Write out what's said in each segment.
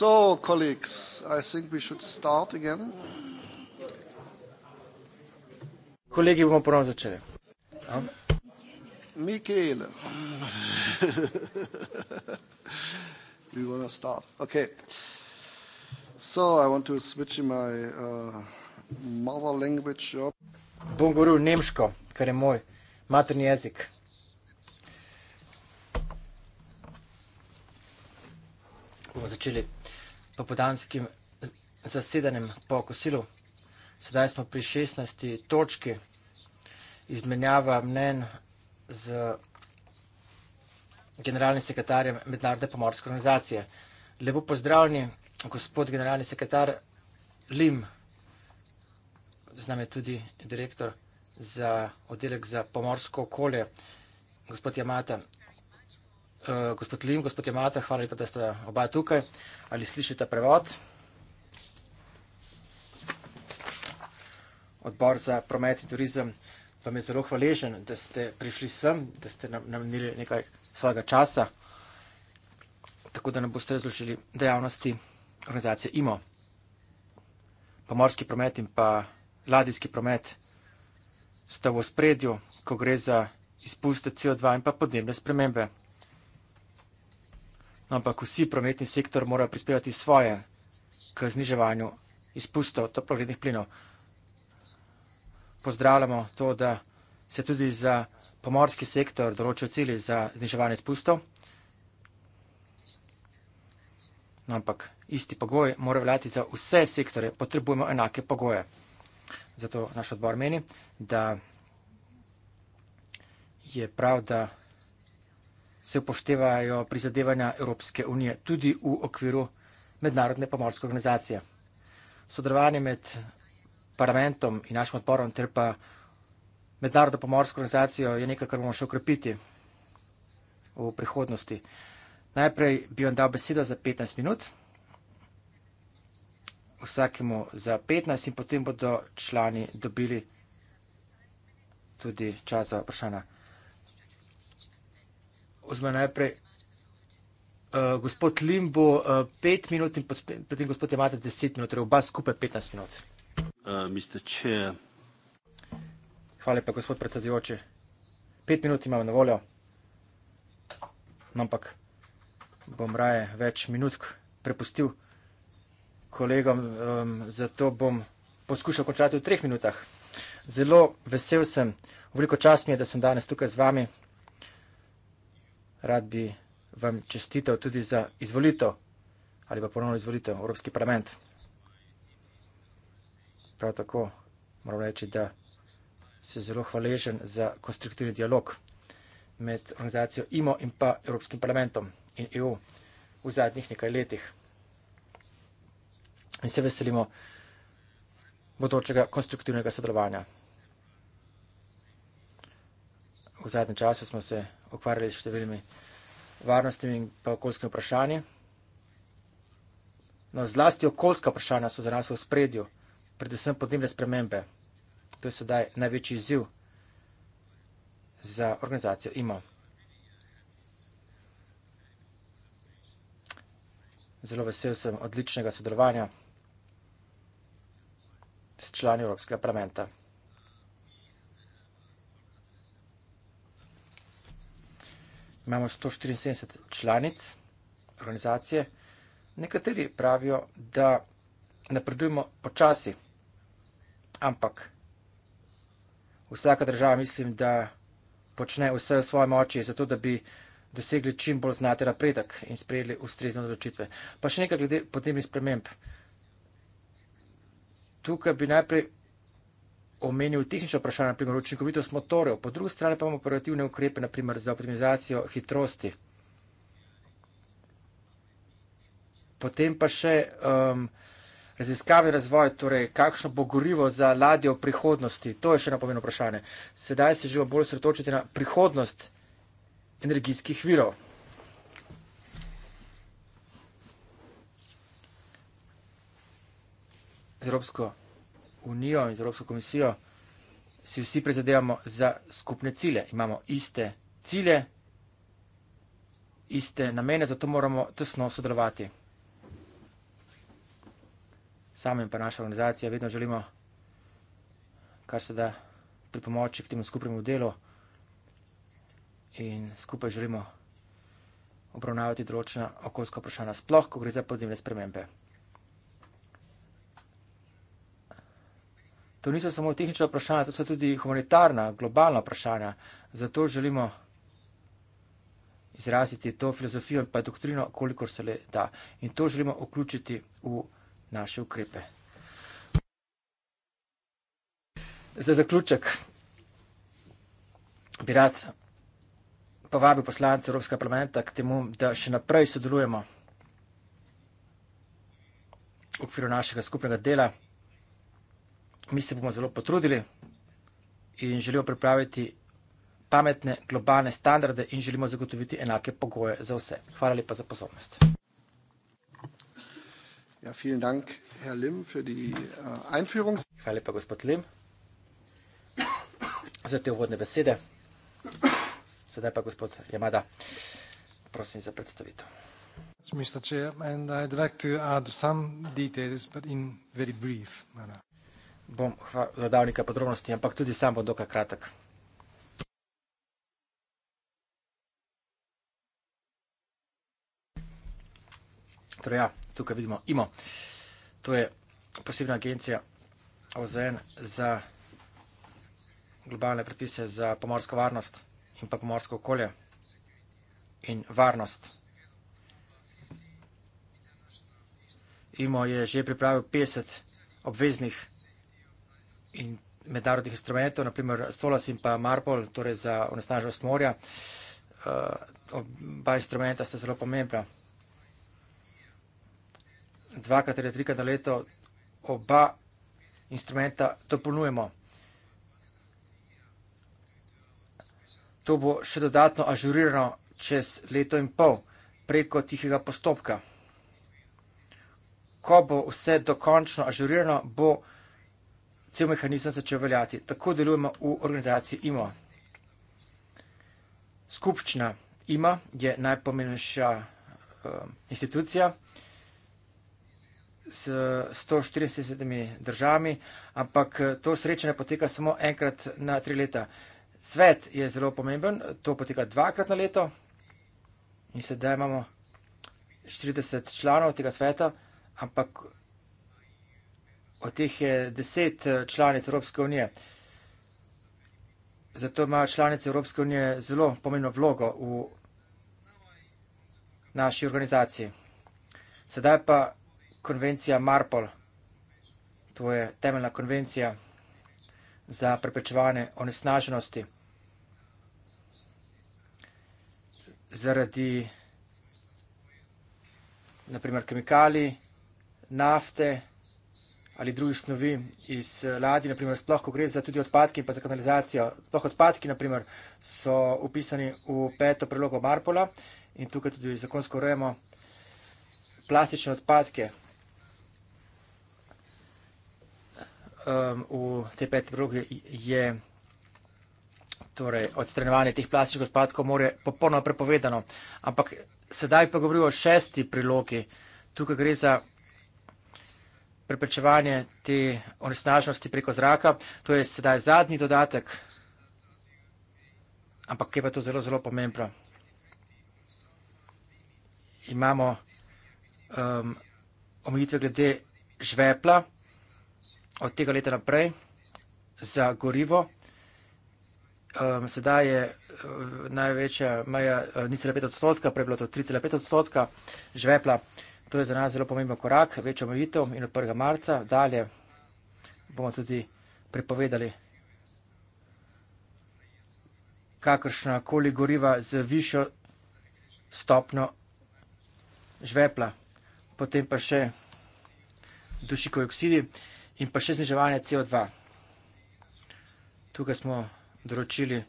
So, colleagues, I think we should start again. Kolegi, bomo ponovno začeli. Michele. We wanna start. Okay. So I want to switch my uh, mother language up. Bom govoril nemško, ker je moj materni jezik. Bomo začeli popodanskim zasedanjem po kosilu. Sedaj smo pri 16. točki izmenjava mnen z generalnim sekretarjem Mednarodne pomorske organizacije. Lepo pozdravljeni, gospod generalni sekretar Lim, z nami je tudi direktor za oddelek za pomorsko okolje, gospod Jamata. Eh, gospod Lim, gospod Jamata, hvala lepa, da ste oba tukaj. Ali slišite prevod? Odbor za promet in turizem vam je zelo hvaležen, da ste prišli sem, da ste nam namenili nekaj svojega časa, tako da nam boste razložili dejavnosti organizacije IMO. Pomorski promet in pa ladijski promet sta v ospredju, ko gre za izpuste CO2 in pa podnebne spremembe ampak vsi prometni sektor morajo prispevati svoje k zniževanju izpustov toplogrednih plinov. Pozdravljamo to, da se tudi za pomorski sektor določijo cilji za zniževanje izpustov, no, ampak isti pogoj mora veljati za vse sektore, potrebujemo enake pogoje. Zato naš odbor meni, da je prav, da se upoštevajo prizadevanja Evropske unije tudi v okviru mednarodne pomorske organizacije. Sodelovanje med parlamentom in našim odporom ter pa mednarodno pomorsko organizacijo je nekaj, kar bomo še ukrepiti v prihodnosti. Najprej bi vam dal besedo za 15 minut, vsakemu za 15 in potem bodo člani dobili tudi čas za vprašanje vzme najprej uh, gospod Limbo uh, eh, pet minut in potem gospod Jamate deset minut, torej oba skupaj petnajst minut. Uh, Hvala lepa, gospod predsedujoči. Pet minut imam na voljo, ampak bom raje več minut prepustil kolegom, um, zato bom poskušal končati v treh minutah. Zelo vesel sem, veliko čast mi je, da sem danes tukaj z vami, rad bi vam čestitev tudi za izvolitev ali pa ponovno izvolitev v Evropski parlament. Prav tako moram reči, da se zelo hvaležen za konstruktivni dialog med organizacijo IMO in pa Evropskim parlamentom in EU v zadnjih nekaj letih. In se veselimo bodočega konstruktivnega sodelovanja v zadnjem času smo se ukvarjali s številnimi varnostnimi in okoljskimi vprašanji. No, zlasti okoljska vprašanja so za nas v spredju, predvsem podnebne spremembe. To je sedaj največji izziv za organizacijo IMO. Zelo vesel sem odličnega sodelovanja s člani Evropskega parlamenta. Imamo 174 članic organizacije. Nekateri pravijo, da napredujemo počasi, ampak vsaka država mislim, da počne vse v svoje moči, zato da bi dosegli čim bolj znate napredek in sprejeli ustrezne odločitve. Pa še nekaj glede podnebnih sprememb. Tukaj bi najprej omenil tehnično vprašanje, naprimer učinkovitost motorjev, po drugi strani pa imamo operativne ukrepe, naprimer za optimizacijo hitrosti. Potem pa še um, raziskave in razvoj, torej kakšno bo gorivo za ladje v prihodnosti, to je še eno pomembno vprašanje. Sedaj se želimo bolj sretočiti na prihodnost energijskih virov. Z Evropsko unijo in z Evropsko komisijo si vsi prizadevamo za skupne cilje. Imamo iste cilje, iste namene, zato moramo tesno sodelovati. Sam in pa naša organizacija vedno želimo, kar se da pripomoči k temu skupnemu delu in skupaj želimo obravnavati določena okoljska vprašanja, sploh, ko gre za podnebne spremembe. To niso samo tehnična vprašanja, to so tudi humanitarna, globalna vprašanja. Zato želimo izraziti to filozofijo in pa doktrino, kolikor se le da. In to želimo vključiti v naše ukrepe. Za zaključek bi rad povabil poslance Evropskega parlamenta k temu, da še naprej sodelujemo v okviru našega skupnega dela mi se bomo zelo potrudili in želimo pripraviti pametne globalne standarde in želimo zagotoviti enake pogoje za vse. Hvala lepa za pozornost. Ja, vielen Dank, Herr Lim, für die uh, äh, Einführung. Hvala lepa, gospod Lim, za te uvodne besede. Sedaj pa gospod Jamada, prosim za predstavitev. Mr. Chair, and I'd like to add some details, but in very brief manner bom dodal nekaj podrobnosti, ampak tudi sam bom dokaj kratek. Torej, ja, tukaj vidimo IMO. To je posebna agencija OZN za globalne predpise za pomorsko varnost in pa pomorsko okolje in varnost. IMO je že pripravil 50 obveznih predpisev in mednarodnih instrumentov, naprimer Solas in pa Marpol, torej za onesnaženost morja. Uh, oba instrumenta sta zelo pomembna. Dvakrat ali trikrat na leto oba instrumenta dopolnujemo. To bo še dodatno ažurirano čez leto in pol preko tihega postopka. Ko bo vse dokončno ažurirano, bo cel mehanizem začel veljati. Tako delujemo v organizaciji IMO. Skupščina IMO je najpomembnejša uh, institucija s 140 državami, ampak eh, to srečanje poteka samo enkrat na tri leta. Svet je zelo pomemben, to poteka dvakrat na leto in sedaj imamo 40 članov tega sveta, ampak Od teh je deset eh, članic Evropske unije. Zato ima članice Evropske unije zelo pomembno vlogo v naši organizaciji. Sedaj pa konvencija MARPOL, to je temeljna konvencija za preprečevanje onesnaženosti. zaradi naprimer kemikalij, nafte, ali drugih snovi iz eh, ladij, naprimer, sploh, ko gre za tudi odpadke in pa za kanalizacijo. Sploh odpadki, naprimer, so upisani v peto prilogo Marpola in tukaj tudi zakonsko urejamo plastične odpadke um, v tej peti prilogi je. Torej, odstranjevanje teh plastičnih odpadkov je popolnoma prepovedano. Ampak sedaj pa govorimo o šesti prilogi. Tukaj gre za preprečevanje te onesnaženosti preko zraka. To je sedaj zadnji dodatek, ampak je pa to zelo, zelo pomembno. Imamo um, omejitve glede žvepla od tega leta naprej za gorivo. Um, sedaj je uh, največja meja uh, 0,5 odstotka, prej bilo to 3,5 odstotka žvepla. To je za nas zelo pomemben korak, več omejitev in od 1. marca dalje bomo tudi prepovedali kakršna koli goriva z višjo stopno žvepla, potem pa še dušikov oksidi in pa še zniževanje CO2. Tukaj smo določili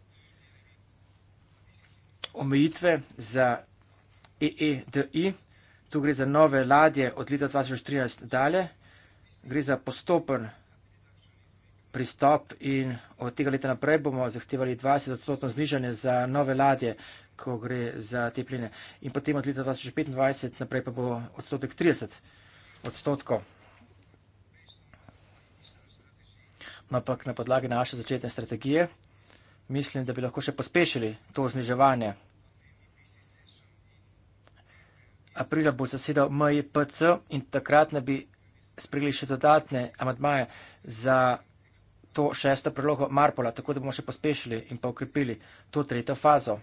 omejitve za EEDI. Tu gre za nove ladje od leta 2013 dalje. Gre za postopen pristop in od tega leta naprej bomo zahtevali 20 odstotno znižanje za nove ladje, ko gre za te pline. In potem od leta 2025 naprej pa bo odstotek 30 odstotkov. Ampak na podlagi naše začetne strategije mislim, da bi lahko še pospešili to zniževanje. aprila bo zasedal MIPC in takrat ne bi sprejeli še dodatne amadmaje za to šesto prilogo Marpola, tako da bomo še pospešili in pa ukrepili to tretjo fazo.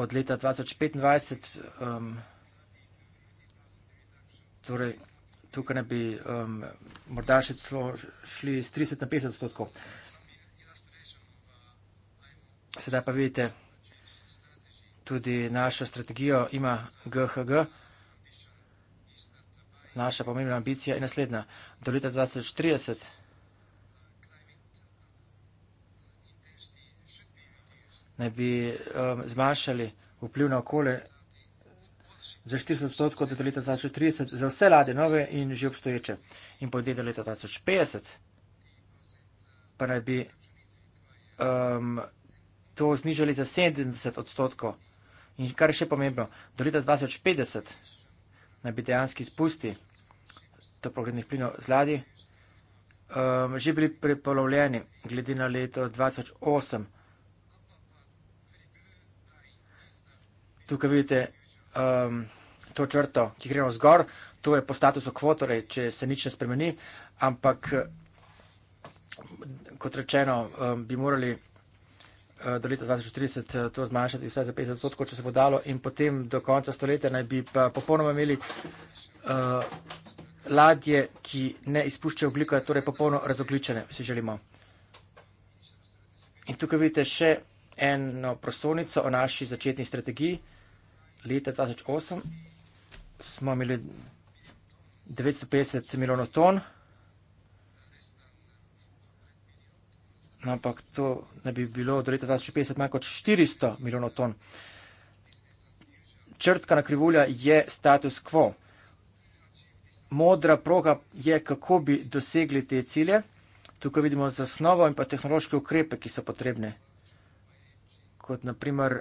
Od leta 2025, um, torej tukaj ne bi um, morda še celo šli z 30 na 50 odstotkov. Sedaj pa vidite, tudi našo strategijo ima GHG. Naša pomembna ambicija je naslednja. Do leta 2030 naj bi um, zmanjšali vpliv na okolje za 400 odstotkov do leta 2030 za vse lade nove in že obstoječe. In po leta 2050 pa naj bi um, to znižali za 70 odstotkov. In kar je še pomembno, do leta 2050 naj bi dejansko izpusti toplogrednih plinov z ladi um, že bili prepolovljeni glede na leto 2008. Tukaj vidite um, to črto, ki gremo zgor, to je po statusu kvotore, če se nič ne spremeni, ampak kot rečeno, um, bi morali. Eh, do leta 2030 eh, to zmanjšati vsaj za 50 odstotkov, če se bo dalo, in potem do konca stoletja naj bi pa popolnoma imeli uh, ladje, ki ne izpuščajo ogljika, torej popolno razogličene, si želimo. In tukaj vidite še eno prostornico o naši začetni strategiji. Leta 2008 smo imeli 950 milijonov ton. ampak to ne bi bilo do leta 2050 manj kot 400 milijonov ton. Črtka na krivulja je status quo. Modra proga je, kako bi dosegli te cilje. Tukaj vidimo zasnovo in pa tehnološke ukrepe, ki so potrebne, kot naprimer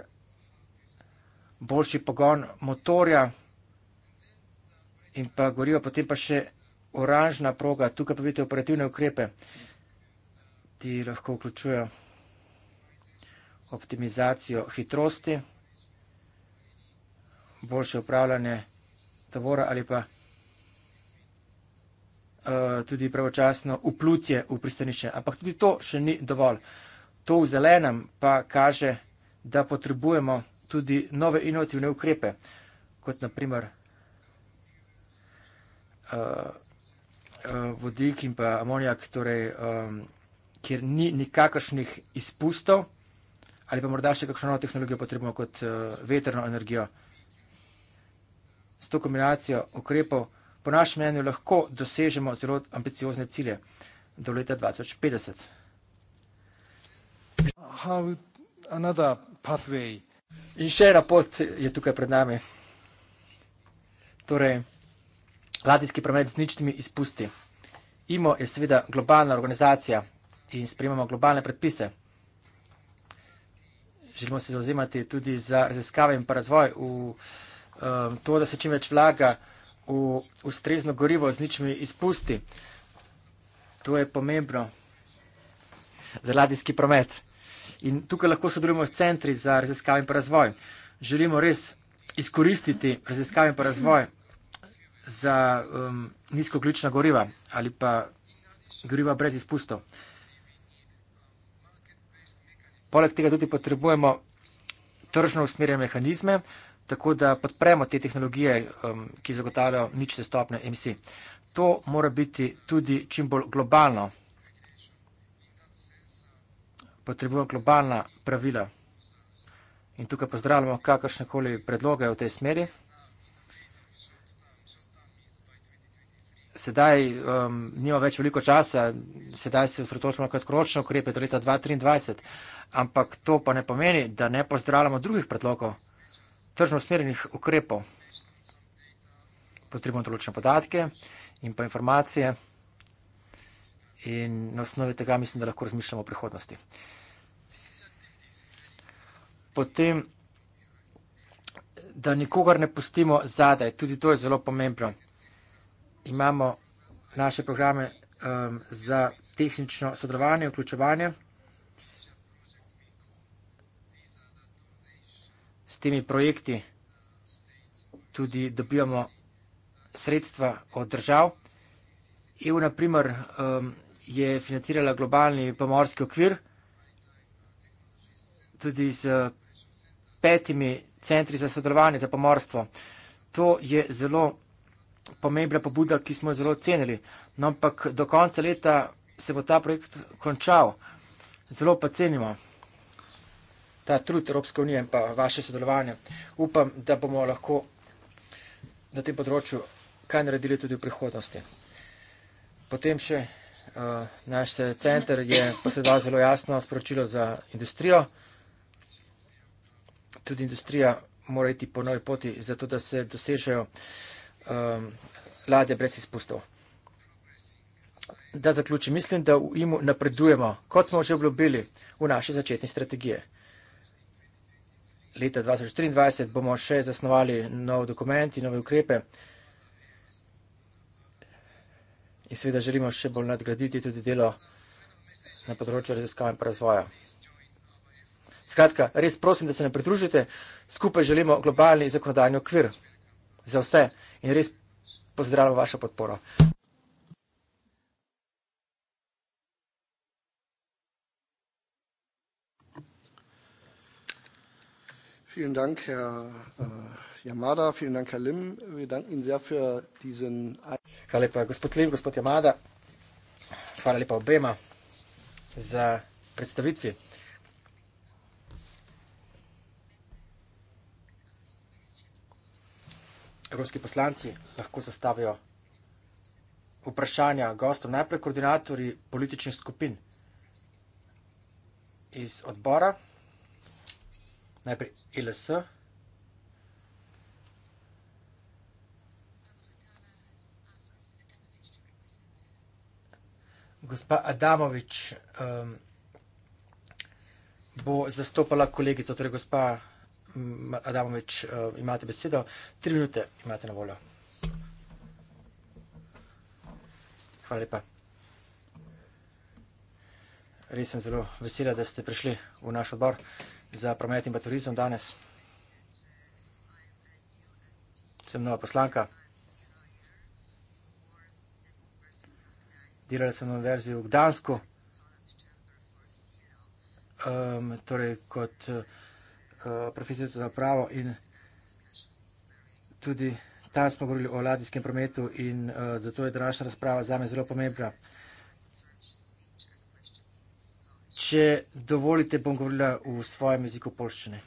boljši pogon motorja in pa gorijo, potem pa še oranžna proga. Tukaj pa vidite operativne ukrepe ti lahko vključujejo optimizacijo hitrosti, boljše upravljanje tovora ali pa uh, tudi pravočasno uplutje v pristanišče. Ampak tudi to še ni dovolj. To v zelenem pa kaže, da potrebujemo tudi nove inovativne ukrepe, kot naprimer uh, eh, uh, eh, vodik in pa amonijak, torej um, kjer ni nikakršnih izpustov, ali pa morda še kakšno novo tehnologijo potrebujemo kot eh, vetrno energijo. S to kombinacijo ukrepov, po našem mnenju, lahko dosežemo zelo ambiciozne cilje do leta 2050. In še ena pot je tukaj pred nami. Torej, ladijski promet z ničnimi izpusti. IMO je seveda globalna organizacija, in sprejemamo globalne predpise. Želimo se zauzemati tudi za raziskave in pa razvoj v um, to, da se čim več vlaga v ustrezno gorivo z ničmi izpusti. To je pomembno za ladijski promet. In tukaj lahko sodelujemo s centri za raziskave in pa razvoj. Želimo res izkoristiti raziskave in pa razvoj za um, nizkoglična goriva ali pa goriva brez izpustov. Poleg tega tudi potrebujemo tržno usmerjene mehanizme, tako da podpremo te tehnologije, um, ki zagotavljajo nične stopne emisij. To mora biti tudi čim bolj globalno. Potrebujemo globalna pravila. In tukaj pozdravljamo kakršnekoli predloge v tej smeri. sedaj um, nima več veliko časa, sedaj se osredotočamo kot kročno ukrepe do leta 2023, ampak to pa ne pomeni, da ne pozdravljamo drugih predlogov, tržno usmerjenih ukrepov. Potrebujemo določene podatke in pa informacije in na osnovi tega mislim, da lahko razmišljamo o prihodnosti. Potem, da nikogar ne pustimo zadaj, tudi to je zelo pomembno imamo naše programe um, za tehnično sodelovanje, vključevanje. S temi projekti tudi dobivamo sredstva od držav. EU, na primer, um, je financirala globalni pomorski okvir tudi z petimi centri za sodelovanje za pomorstvo. To je zelo pomembna pobuda, ki smo jo zelo cenili. No, ampak do konca leta se bo ta projekt končal. Zelo pa cenimo ta trud Evropske unije in pa vaše sodelovanje. Upam, da bomo lahko na tem področju kaj naredili tudi v prihodnosti. Potem še uh, naš center je posedal zelo jasno sporočilo za industrijo. Tudi industrija mora iti po novi poti, zato da se dosežejo uh, um, ladje brez izpustov. Da zaključim, mislim, da v imu napredujemo, kot smo že obljubili v naši začetni strategiji. Leta 2023 bomo še zasnovali nov dokument in nove ukrepe. In seveda želimo še bolj nadgraditi tudi delo na področju raziskav in razvoja. Skratka, res prosim, da se ne pridružite. Skupaj želimo globalni zakonodajni okvir za vse in res pozdravljam vašo podporo. Vielen Dank, Herr äh, Yamada, vielen Dank, Herr Lim. Wir danken Ihnen sehr für diesen. Hvala lepa, gospod Lim, gospod Yamada. Hvala lepa obema za predstavitvi. evropski poslanci lahko zastavijo vprašanja gostov, najprej koordinatorji političnih skupin iz odbora, najprej LS. Gospa Adamovič um, bo zastopala kolegico, torej gospa Adamovič, eh, imate besedo. Tri minute imate na voljo. Hvala lepa. Res sem zelo vesela, da ste prišli v naš odbor za promet in pa turizem danes. Sem nova poslanka. Delala sem na univerzi v Gdansku. Ehm, torej, kot eh, Eh, profesorica za pravo in tudi tam smo govorili o ladijskem prometu in uh, zato je današnja razprava zame zelo pomembna. Če dovolite, bom govorila v svojem jeziku polščine.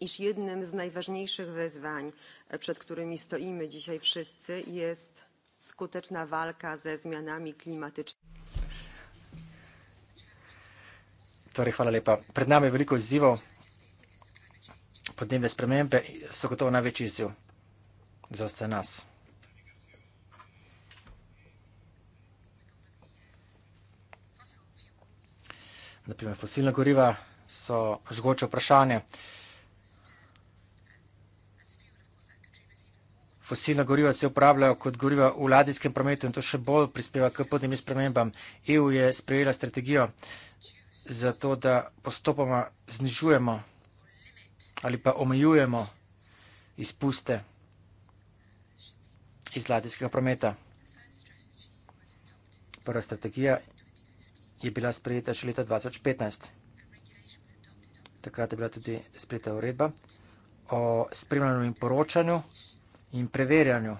Iż jednym z najważniejszych wezwań, e, przed którymi stoimy dzisiaj wszyscy, jest skuteczna walka ze zmianami klimatycznymi. Torej, hvala lepa. Pred nami je veliko izzivov. Podnebne spremembe so gotovo največji izziv za vse nas. Naprimer, fosilna goriva so žgoče vprašanje. Fosilna goriva se uporabljajo kot goriva v ladijskem prometu in to še bolj prispeva k podnebnim spremembam. EU je sprejela strategijo zato da postopoma znižujemo ali pa omejujemo izpuste iz ladijskega prometa. Prva strategija je bila sprejeta še leta 2015. Takrat je bila tudi sprejeta uredba o spremljanju in poročanju in preverjanju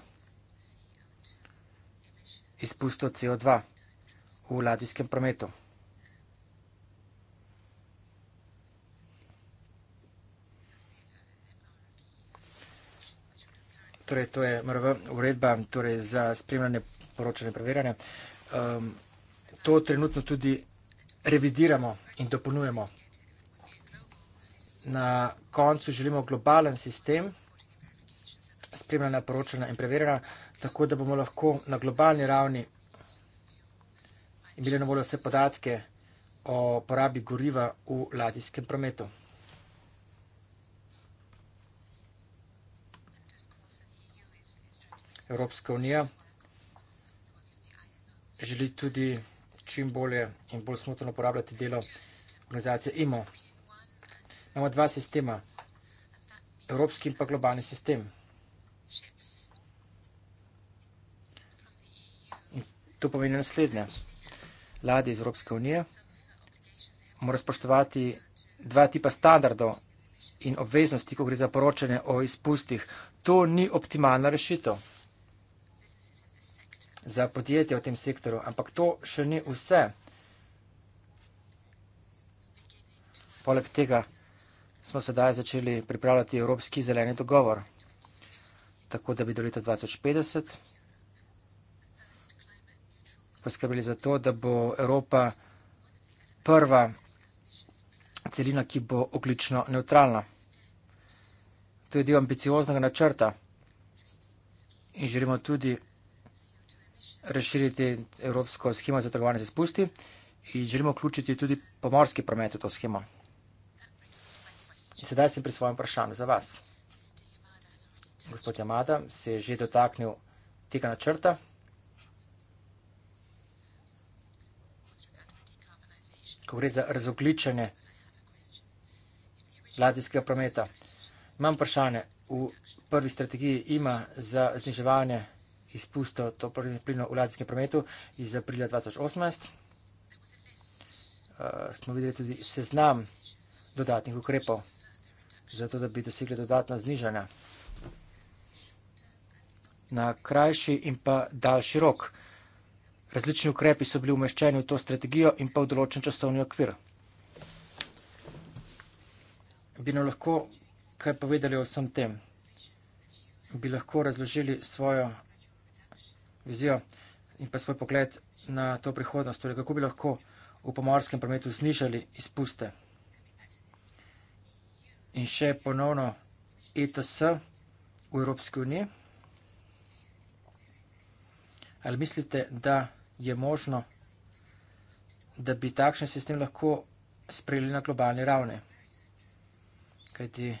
izpustov CO2 v ladijskem prometu. Torej, to je MRV uredba torej za spremljanje, poročanje, preverjanje. Um, to trenutno tudi revidiramo in dopolnjujemo. Na koncu želimo globalen sistem spremljanja, poročanja in preverjanja, tako da bomo lahko na globalni ravni imeli na voljo vse podatke o porabi goriva v ladijskem prometu. Evropska unija želi tudi čim bolje in bolj smotrno uporabljati delo organizacije IMO. Imamo dva sistema, evropski in pa globalni sistem. In to pomeni naslednje. Ladi iz Evropske unije mora spoštovati dva tipa standardov in obveznosti, ko gre za poročanje o izpustih. To ni optimalna rešitev za podjetje v tem sektoru. Ampak to še ni vse. Poleg tega smo sedaj začeli pripravljati Evropski zeleni dogovor, tako da bi do leta 2050 poskrbili za to, da bo Evropa prva celina, ki bo oglično neutralna. To je del ambicioznega načrta in želimo tudi razširiti evropsko schemo za trgovanje z izpusti in želimo vključiti tudi pomorski promet v to schemo. In sedaj sem pri svojem vprašanju za vas. Gospod Yamada se je že dotaknil tega načrta. Ko gre za razogličanje ladijskega prometa, imam vprašanje. V prvi strategiji ima za zniževanje izpustov toplogrednih plinov v ladijskem prometu iz aprila 2018. Uh, eh, smo videli tudi seznam dodatnih ukrepov, zato da bi dosegli dodatna znižanja na krajši in pa daljši rok. Različni ukrepi so bili umeščeni v to strategijo in pa v določen časovni okvir. Bi nam lahko kaj povedali o vsem tem? Bi lahko razložili svojo vizijo in pa svoj pogled na to prihodnost, torej kako bi lahko v pomorskem prometu znižali izpuste. In še ponovno ETS v Evropski uniji. Ali mislite, da je možno, da bi takšen sistem lahko sprejeli na globalni ravni? Kajti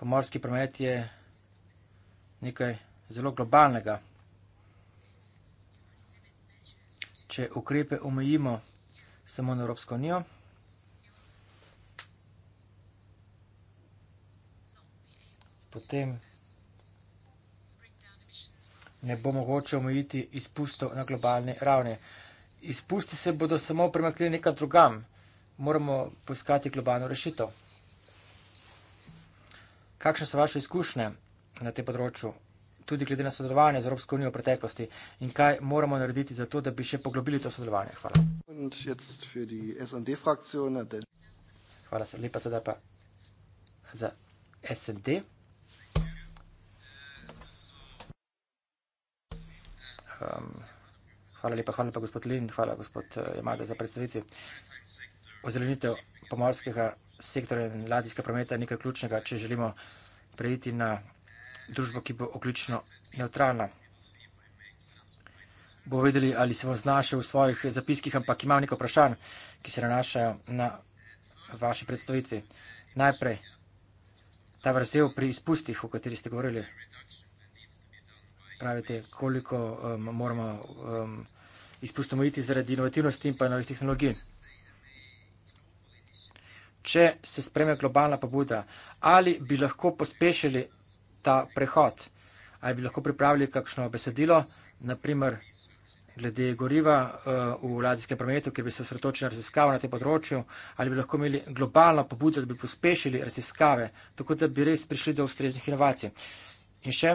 pomorski promet je nekaj zelo globalnega. Če ukrepe omejimo samo na Evropsko unijo, potem ne bo mogoče omejiti izpustov na globalni ravni. Izpusti se bodo samo premaknili nekam drugam. Moramo poiskati globalno rešitev. Kakšne so vaše izkušnje na tem področju? tudi glede na sodelovanje z Evropsko unijo v preteklosti in kaj moramo narediti za to, da bi še poglobili to sodelovanje. Hvala. Hvala se, lepa sedaj pa za SND. Um, hvala lepa, hvala lepa gospod Lin, hvala gospod eh, Jemade za predstavitvi. Ozelenitev pomorskega sektorja in ladijskega prometa je nekaj ključnega, če želimo preiti na družbo, ki bo oklično neutralna. Bo vedeli, ali se bo znašel v svojih zapiskih, ampak imam nekaj vprašanj, ki se nanašajo na vaši predstavitvi. Najprej, ta vrzel pri izpustih, o kateri ste govorili. Pravite, koliko um, moramo um, izpustom iti zaradi inovativnosti in pa novih tehnologij. Če se spreme globalna pobuda, ali bi lahko pospešili ta prehod. Ali bi lahko pripravili kakšno besedilo, naprimer glede goriva eh, v ladijskem prometu, kjer bi se osredotočili raziskave na tem področju, ali bi lahko imeli globalno pobudo, da bi pospešili raziskave, tako da bi res prišli do ustreznih inovacij. In še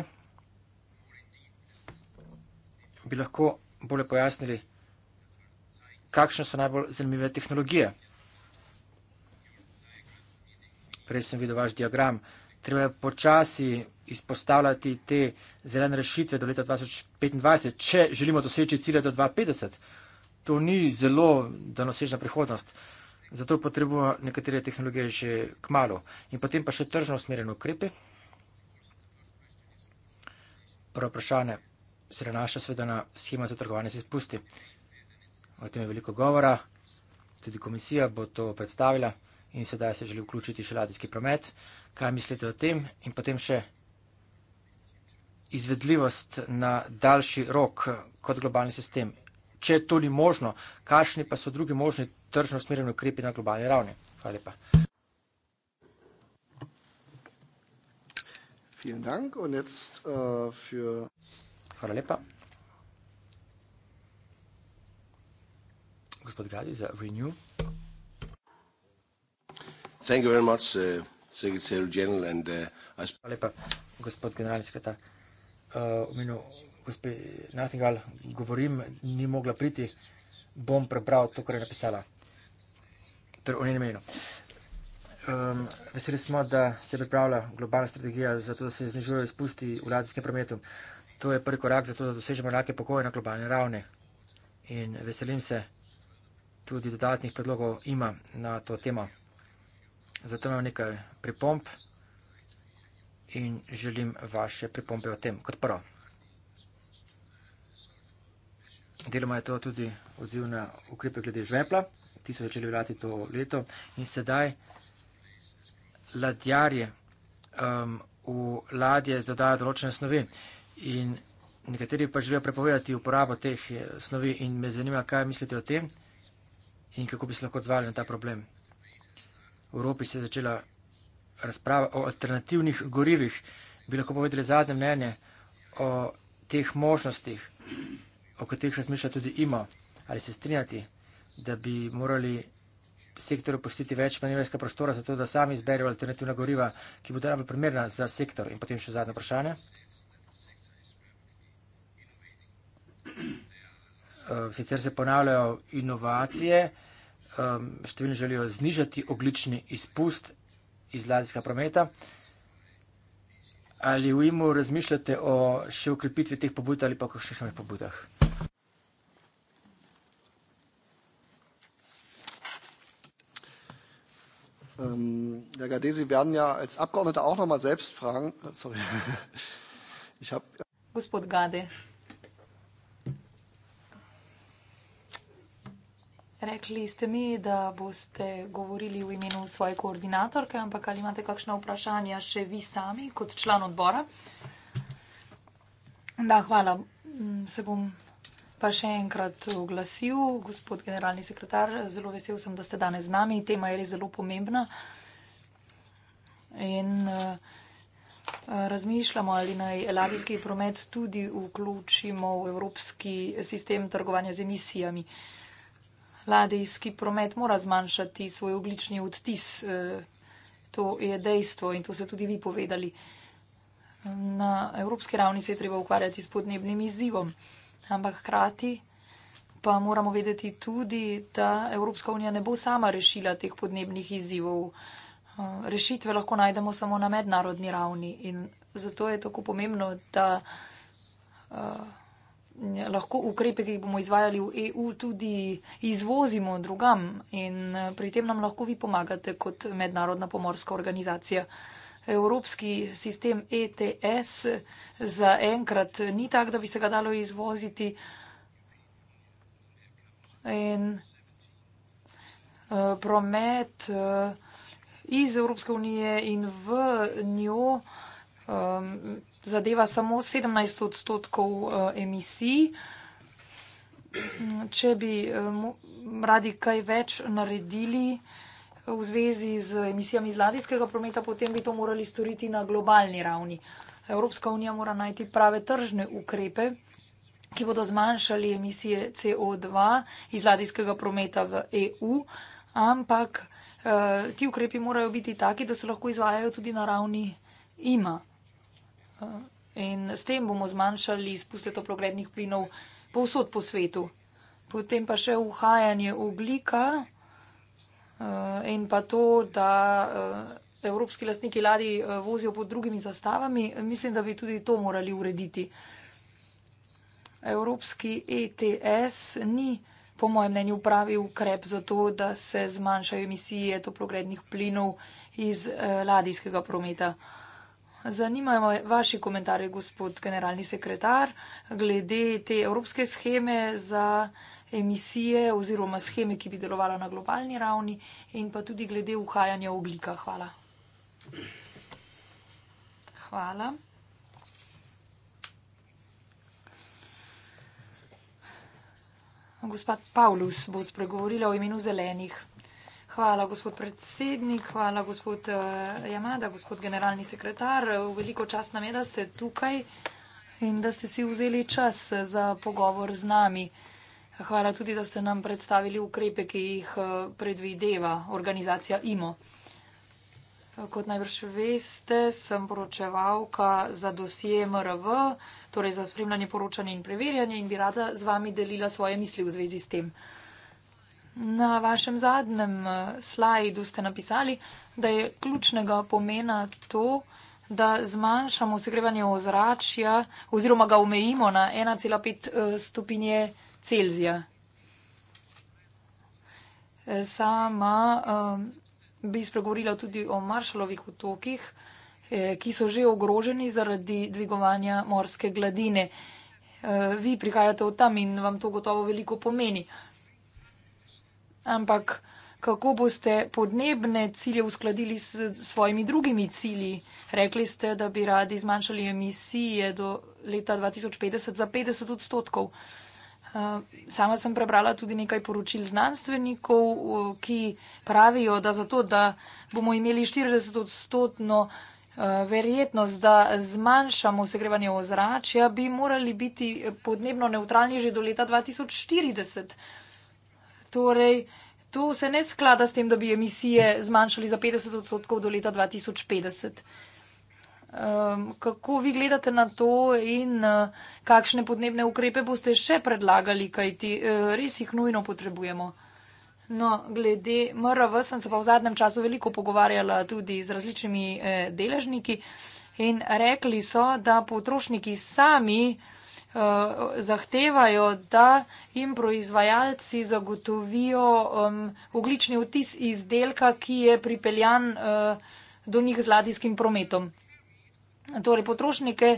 bi lahko bolje pojasnili, kakšne so najbolj zanimive tehnologije. Prej sem videl vaš diagram treba je počasi izpostavljati te zelene rešitve do leta 2025, če želimo doseči cilje do 2050. To ni zelo danosežna prihodnost. Zato potrebujemo nekatere tehnologije že k malu. In potem pa še tržno usmerjeno ukrepe. Prvo vprašanje se nanaša sveda na schema za trgovanje s izpusti. O tem je veliko govora, tudi komisija bo to predstavila in sedaj se želi vključiti še ladijski promet kaj mislite o tem, in potem še izvedljivost na daljši rok kot globalni sistem. Če je to ni možno, kakšni pa so drugi možni tržno usmerjeni ukrepi na globalni ravni? Hvala lepa. Äh, Hvala lepa. Gospod Gadi za Renew. Thank you very much, uh, Secretary General and uh, I Hvala lepa, gospod generalni sekretar. Uh, omenu, gospe Nathigal, govorim, ni mogla priti, bom prebral to, kar je napisala. Ter o njenem imenu. Um, veseli smo, da se pripravlja globalna strategija za to, da se znižujejo izpusti v ladijskem prometu. To je prvi korak za to, da dosežemo enake pokoje na globalne ravne. In veselim se, tudi dodatnih predlogov ima na to temo. Zato imam nekaj pripomp in želim vaše pripombe o tem kot prvo. Deloma je to tudi odziv na ukrepe glede žvepla, ti so začeli vrati to leto in sedaj ladjarje um, v ladje dodajo določene snovi in nekateri pa želijo prepovedati uporabo teh eh, snovi in me zanima, kaj mislite o tem in kako bi se lahko odzvali na ta problem. V Evropi se je začela razprava o alternativnih gorivih. Bi lahko povedali zadnje mnenje o teh možnostih, o katerih razmišlja tudi IMO, ali se strinjati, da bi morali sektorju postiti več manjvenjska prostora, zato da sami izberijo alternativna goriva, ki bodo najbolj primerna za sektor. In potem še zadnje vprašanje. Sicer se ponavljajo inovacije um, številni želijo znižati oglični izpust iz ladijskega prometa. Ali v imu razmišljate o še ukrepitvi teh pobud ali pa o kakšnih novih pobudah? Ähm, ja, Gade, Sie werden ja als Abgeordnete auch nochmal selbst fragen. Sorry. Ich hab... Gospod Gade, Rekli ste mi, da boste govorili v imenu svoje koordinatorke, ampak ali imate kakšna vprašanja še vi sami kot član odbora? Da, hvala. Mm, se bom pa še enkrat oglasil. Gospod generalni sekretar, zelo vesel sem, da ste danes z nami. Tema je res zelo pomembna. In eh, razmišljamo, ali naj ladijski promet tudi vključimo v evropski sistem trgovanja z emisijami ladijski promet mora zmanjšati svoj oglični odtis. Eh, to je dejstvo in to ste tudi vi povedali. Na evropski ravni se je treba ukvarjati s podnebnim izzivom, ampak hkrati pa moramo vedeti tudi, da Evropska unija ne bo sama rešila teh podnebnih izzivov. Eh, rešitve lahko najdemo samo na mednarodni ravni in zato je tako pomembno, da. Uh, lahko ukrepe, ki jih bomo izvajali v EU, tudi izvozimo drugam in eh, pri tem nam lahko vi pomagate kot mednarodna pomorska organizacija. Evropski sistem ETS za enkrat ni tak, da bi se ga dalo izvoziti. In eh, promet eh, iz Evropske unije in v njo zadeva samo 17 odstotkov eh, emisij. Mm, če bi eh, radi kaj več naredili eh, v zvezi z emisijami iz ladijskega prometa, potem bi to morali storiti na globalni ravni. Evropska unija mora najti prave tržne ukrepe, ki bodo zmanjšali emisije CO2 iz ladijskega prometa v EU, ampak ti ukrepi morajo biti taki, da se lahko izvajajo tudi na ravni ima. In s tem bomo zmanjšali izpuste toplogrednih plinov povsod po svetu. Potem pa še uhajanje oglika eh, in pa to, da eh, evropski lastniki ladi eh, vozijo pod drugimi zastavami. Mislim, da bi tudi to morali urediti. Evropski ETS ni, po mojem mnenju, pravi ukrep za to, da se zmanjšajo emisije toplogrednih plinov iz ladijskega prometa. Zanimajo me vaši komentarji, gospod generalni sekretar, glede te evropske scheme za emisije oziroma scheme, ki bi delovala na globalni ravni in pa tudi glede uhajanja oglika. Hvala. Hvala. Gospod Pavlus bo spregovorila v imenu zelenih. Hvala, gospod predsednik, hvala, gospod Jamada, eh, gospod generalni sekretar. Veliko čas nam je, da ste tukaj in da ste si vzeli čas za pogovor z nami. Hvala tudi, da ste nam predstavili ukrepe, ki jih eh, predvideva organizacija IMO. Kot najbrž veste, sem poročevalka za dosje MRV, torej za spremljanje poročanja in preverjanja in bi rada z vami delila svoje misli v zvezi s tem. Na vašem zadnjem eh, slajdu ste napisali, da je ključnega pomena to, da zmanjšamo segrevanje ozračja oziroma ga omejimo na 1,5 eh, stopinje Celzija. Eh, sama bi spregovorila tudi o maršalovih otokih, ki so že ogroženi zaradi dvigovanja morske gladine. Vi prihajate od tam in vam to gotovo veliko pomeni ampak kako boste podnebne cilje uskladili s svojimi drugimi cilji. Rekli ste, da bi radi zmanjšali emisije do leta 2050 za 50 odstotkov. Eh, sama sem prebrala tudi nekaj poročil znanstvenikov, eh, ki pravijo, da zato, da bomo imeli 40 odstotno eh, verjetnost, da zmanjšamo segrevanje ozračja, bi morali biti podnebno neutralni že do leta 2040. Torej, to se ne sklada s tem, da bi emisije zmanjšali za 50 odstotkov do leta 2050. Um, ehm, kako vi gledate na to in uh, kakšne podnebne ukrepe boste še predlagali, kajti uh, res jih nujno potrebujemo? No, glede MRV sem se pa v zadnjem času veliko pogovarjala tudi z različnimi eh, deležniki in rekli so, da potrošniki sami eh, Eh, zahtevajo, da jim proizvajalci zagotovijo um, oglični vtis izdelka, ki je pripeljan uh, do njih z ladijskim prometom. Torej, potrošnike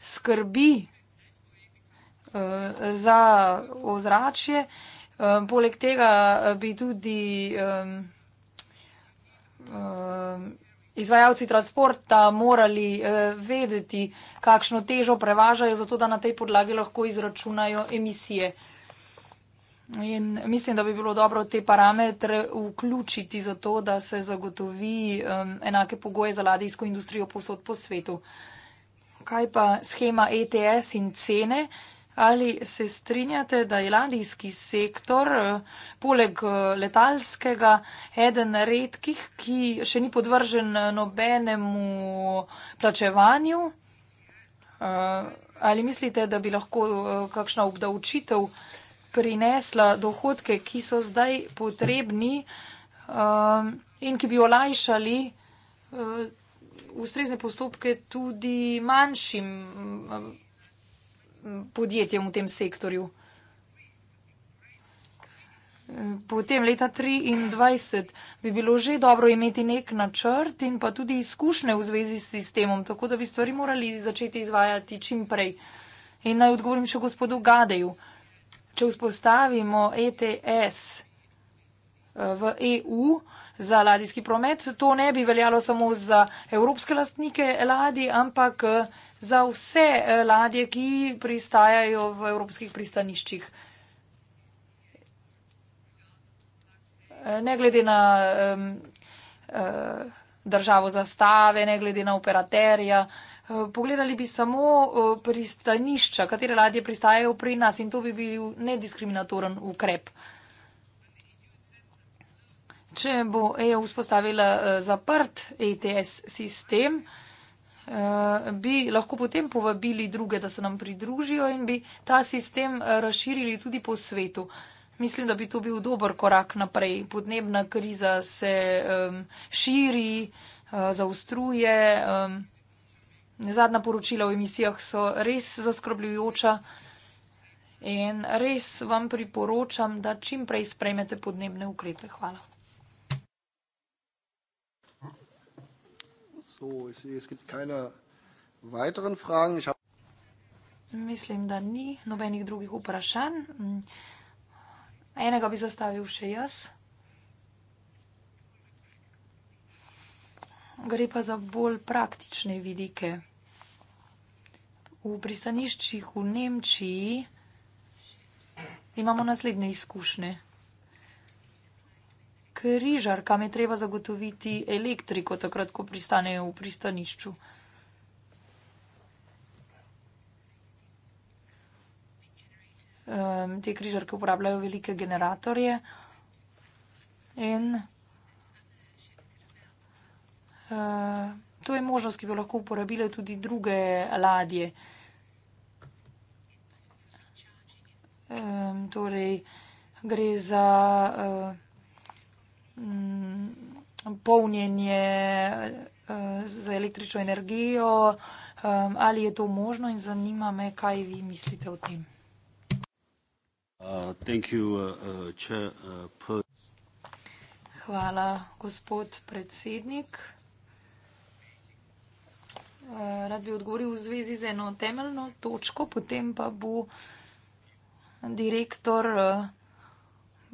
skrbi uh, za ozračje, um, poleg tega bi tudi. Um, um, izvajalci transporta morali eh, vedeti, kakšno težo prevažajo, zato da na tej podlagi lahko izračunajo emisije. In mislim, da bi bilo dobro te parametre vključiti za to, da se zagotovi um, enake pogoje za ladijsko industrijo posod po svetu. Kaj pa schema ETS in cene? Ali se strinjate, da je ladijski sektor, eh, poleg eh, letalskega, eden redkih, ki še ni podvržen eh, nobenemu plačevanju? Ali mislite, da bi lahko kakšna obdavčitev prinesla dohodke, ki so zdaj potrebni in ki bi olajšali ustrezne postopke tudi manjšim? podjetjem v tem sektorju. Potem leta 2023 bi bilo že dobro imeti nek načrt in pa tudi izkušnje v zvezi s sistemom, tako da bi stvari morali začeti izvajati čim prej. In naj odgovorim še gospodu Gadeju. Če vzpostavimo ETS eh, v EU za ladijski promet, to ne bi veljalo samo za evropske lastnike ladij, ampak. Eh, za vse eh, ladje, ki pristajajo v evropskih pristaniščih. Eh, ne glede na eh, državo zastave, ne glede na operaterja. Pogledali bi samo pristanišča, katere ladje pristajajo pri nas in to bi bil nediskriminatoren ukrep. Če bo EU vzpostavila zaprt ETS sistem, Eh, bi lahko potem povabili druge, da se nam pridružijo in bi ta sistem eh, razširili tudi po svetu. Mislim, da bi to bil dober korak naprej. Podnebna kriza se um, širi, uh, eh, zaustruje. Um, zadnja poročila v emisijah so res zaskrbljujoča in res vam priporočam, da čim prej sprejmete podnebne ukrepe. Hvala. So, ich sehe, es gibt keine weiteren Fragen. Ich habe. Mislim, da ni nobenih drugih vprašanj. Enega bi zastavil še jaz. Gre pa za bolj praktične vidike. V pristaniščih v Nemčiji imamo naslednje izkušnje križarkam je treba zagotoviti elektriko, takrat, ko pristanejo v pristanišču. Um, te križarke uporabljajo velike generatorje in uh, to je možnost, ki bi lahko uporabile tudi druge ladje. Um, torej, gre za. Uh, Mm, polnjenje eh, z električno energijo. Eh, ali je to možno in zanima me, kaj vi mislite o tem? Uh, uh, uh, Hvala, gospod predsednik. Eh, rad bi odgovoril v zvezi z eno temeljno točko, potem pa bo direktor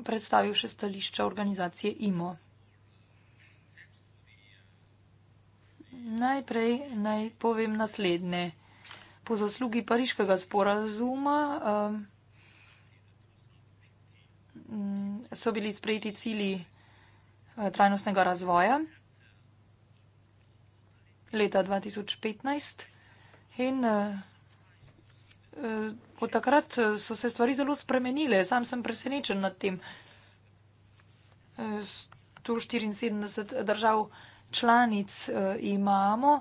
predstavil še stališča organizacije IMO. Najprej naj povem naslednje. Po zaslugi pariškega sporazuma um, so bili sprejeti cili uh, trajnostnega razvoja leta 2015 in uh, uh Od takrat eh, so se stvari zelo spremenile, sam sem presenečen nad tem. 174 eh, držav članic eh, imamo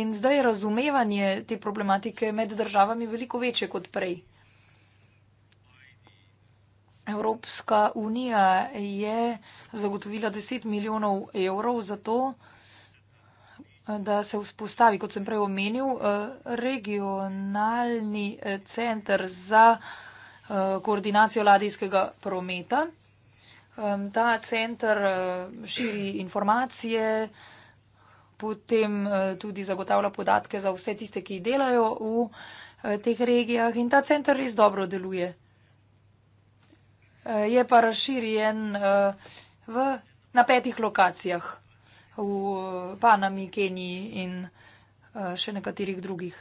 in zdaj je razumevanje te problematike med državami veliko večje kot prej. Evropska unija je zagotovila 10 milijonov evrov za to, da se da se vzpostavi, kot sem prej omenil, eh, regionalni eh, center za eh, koordinacijo ladijskega prometa. Ta center širi informacije, potem tudi zagotavlja podatke za vse tiste, ki delajo v teh regijah in ta center res dobro deluje. Je pa razširjen v, na petih lokacijah v Panami, Keniji in eh, še nekaterih drugih.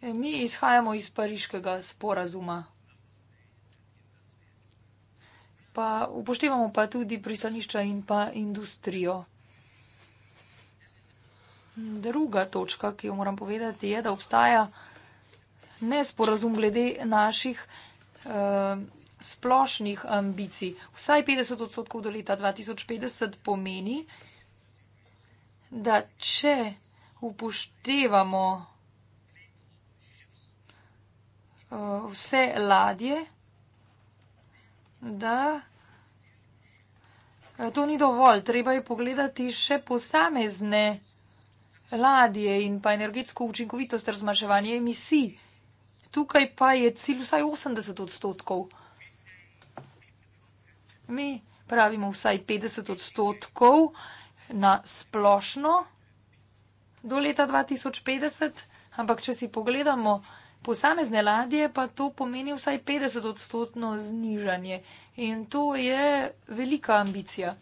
E, mi izhajamo iz pariškega sporazuma. Pa upoštevamo pa tudi pristanišča in pa industrijo. Druga točka, ki jo moram povedati, je, da obstaja nesporazum glede naših Ehm, splošnih ambicij. Vsaj 50 odstotkov do leta 2050 pomeni, da če upoštevamo eh, vse ladje, da eh, to ni dovolj. Treba je pogledati še posamezne ladje in pa energetsko učinkovitost razmaševanja emisij tukaj pa je cilj vsaj 80 odstotkov. Mi pravimo vsaj 50 odstotkov na splošno do leta 2050, ampak če si pogledamo posamezne ladje, pa to pomeni vsaj 50 odstotno znižanje. In to je velika ambicija.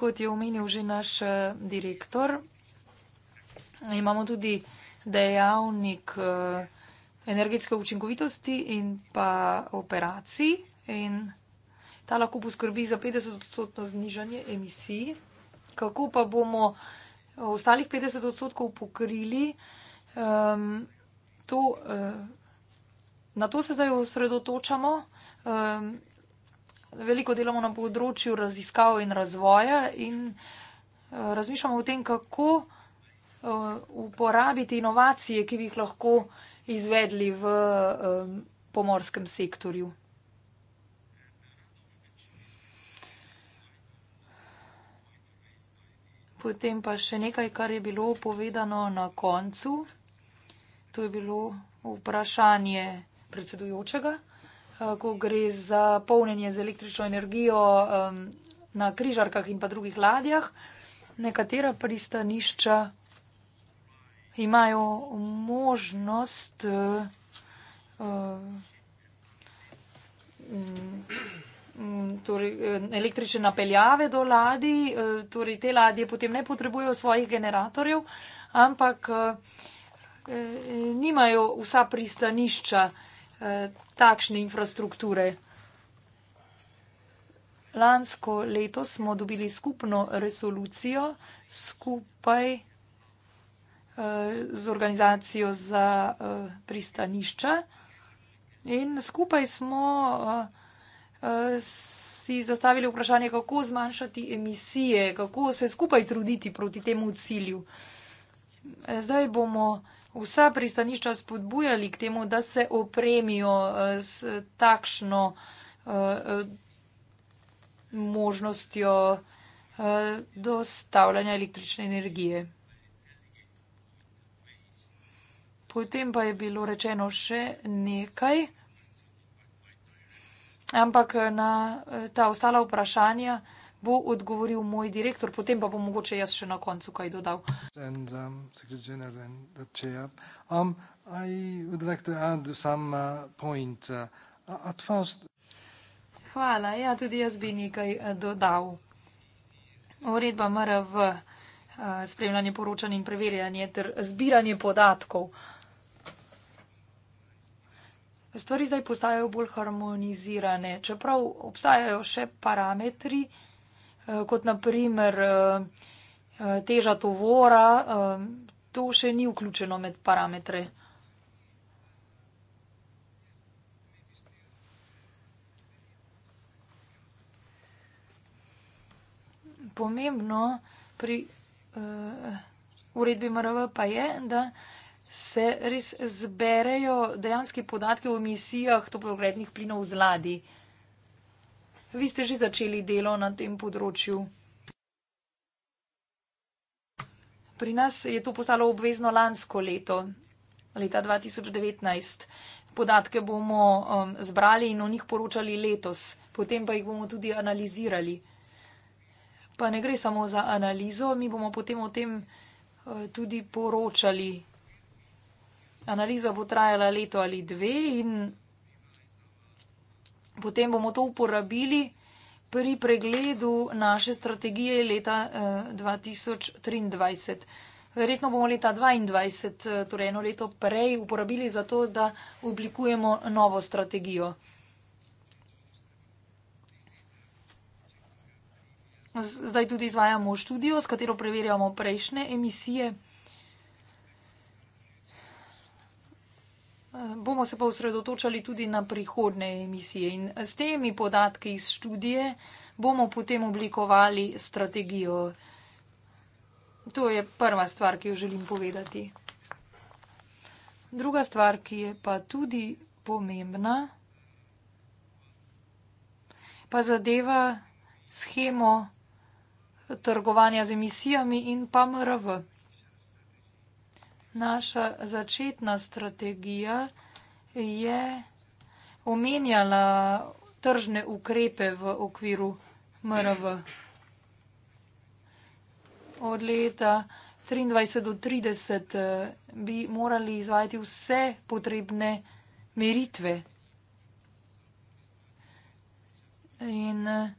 kot je omenil že naš eh, direktor, imamo tudi dejavnik eh, energetske učinkovitosti in pa operacij in ta lahko poskrbi za 50 odstotno znižanje emisij. Kako pa bomo eh, ostalih 50 odstotkov pokrili, um, to, uh, na to se zdaj osredotočamo. Um, veliko delamo na področju raziskav in razvoja in eh, razmišljamo o tem, kako eh, uporabiti inovacije, ki bi jih lahko izvedli v eh, pomorskem sektorju. Potem pa še nekaj, kar je bilo povedano na koncu. To je bilo vprašanje predsedujočega. Eh, ko gre za polnjenje z električno energijo na križarkah in pa drugih ladjah. Nekatera pristanišča imajo možnost eh, mm, torej, električne napeljave do ladij, eh, torej te ladje potem ne potrebujejo svojih generatorjev, ampak nimajo vsa pristanišča takšne infrastrukture. Lansko leto smo dobili skupno resolucijo skupaj eh, z organizacijo za eh, pristanišča in skupaj smo eh, si zastavili vprašanje, kako zmanjšati emisije, kako se skupaj truditi proti temu cilju. Zdaj bomo vsa pristanišča spodbujali k temu, da se opremijo eh, s takšno eh, eh, možnostjo dostavljanja električne energije. Potem pa je bilo rečeno še nekaj, ampak na ta ostala vprašanja bo odgovoril moj direktor, potem pa bo mogoče jaz še na koncu kaj dodal. Um, um, uh, uh, Hvala, ja, tudi jaz bi nekaj eh, dodal. Uredba MRV, eh, spremljanje poročanja in preverjanje ter zbiranje podatkov. Stvari zdaj postajajo bolj harmonizirane, čeprav obstajajo še parametri, ki Eh, kot naprimer eh, eh, teža tovora, to še ni vključeno med parametre. Pomembno pri uredbi MRV pa je, da se res zberejo dejanski podatke o emisijah toplogrednih plinov z ladij. Vi ste že začeli delo na tem področju. Pri nas je to postalo obvezno lansko leto, leta 2019. Podatke bomo um, zbrali in o njih poročali letos, potem pa jih bomo tudi analizirali. Pa ne gre samo za analizo, mi bomo potem o tem uh, tudi poročali. Analiza bo trajala leto ali dve in potem bomo to uporabili pri pregledu naše strategije leta 2023. Eh, Verjetno bomo leta 2022, eh, torej eno leto prej, uporabili za to, da oblikujemo novo strategijo. Zdaj tudi izvajamo študijo, s katero preverjamo prejšnje emisije. bomo se pa osredotočali tudi na prihodne emisije in s temi podatki iz študije bomo potem oblikovali strategijo. To je prva stvar, ki jo želim povedati. Druga stvar, ki je pa tudi pomembna, pa zadeva schemo trgovanja z emisijami in pa MRV naša začetna strategija je omenjala tržne ukrepe v okviru MRV. Od leta 23 do 30 eh, bi morali izvajati vse potrebne meritve. In eh,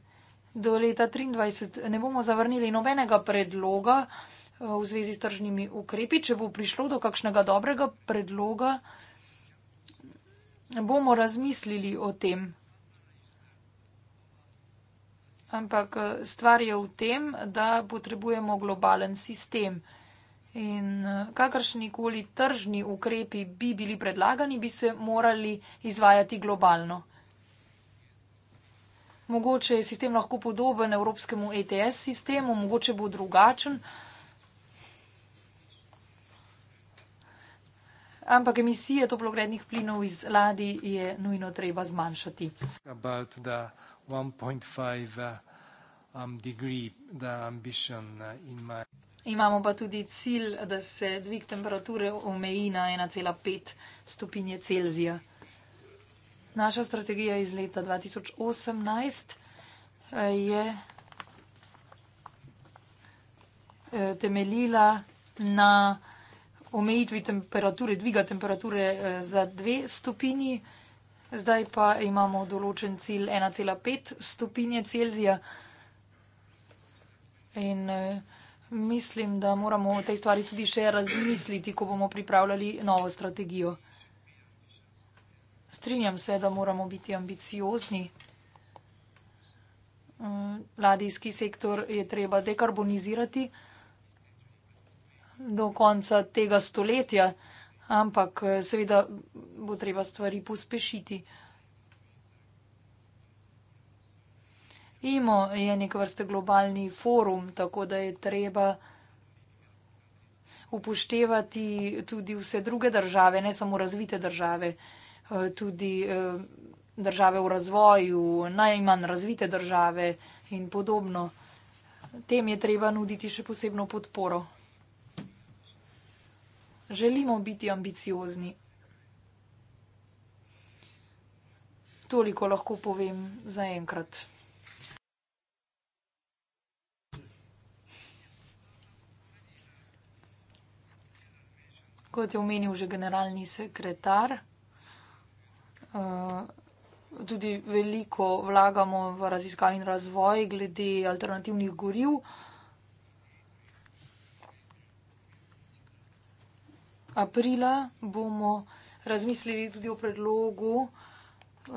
do leta 23 ne bomo zavrnili nobenega predloga, Eh, v zvezi s tržnimi ukrepi. Če bo prišlo do kakšnega dobrega predloga, bomo razmislili o tem. Ampak eh, stvar je v tem, da potrebujemo globalen sistem. In eh, kakršnikoli tržni ukrepi bi bili predlagani, bi se morali izvajati globalno. Mogoče je sistem lahko podoben evropskemu ETS sistemu, mogoče bo drugačen. ampak emisije toplogrednih plinov iz ladij je nujno treba zmanjšati. Uh, um, uh, Imamo pa tudi cilj, da se dvig temperature omeji na 1,5 stopinje Celzija. Naša strategija iz leta 2018 eh, je eh, temeljila na temeljila omejitvi temperature, dviga temperature eh, za dve stopinji, zdaj pa imamo določen cilj 1,5 stopinje Celzija. In eh, mislim, da moramo v tej stvari tudi še razmisliti, ko bomo pripravljali novo strategijo. Strinjam se, da moramo biti ambiciozni. Eh, ladijski sektor je treba dekarbonizirati do konca tega stoletja, ampak eh, seveda bo treba stvari pospešiti. IMO je nek vrste globalni forum, tako da je treba upoštevati tudi vse druge države, ne samo razvite države, eh, tudi eh, države v razvoju, najmanj razvite države in podobno. Tem je treba nuditi še posebno podporo želimo biti ambiciozni. Toliko lahko povem za enkrat. Kot je omenil že generalni sekretar, eh, tudi veliko vlagamo v raziskav in razvoj glede alternativnih goriv. aprila bomo razmislili tudi o predlogu eh,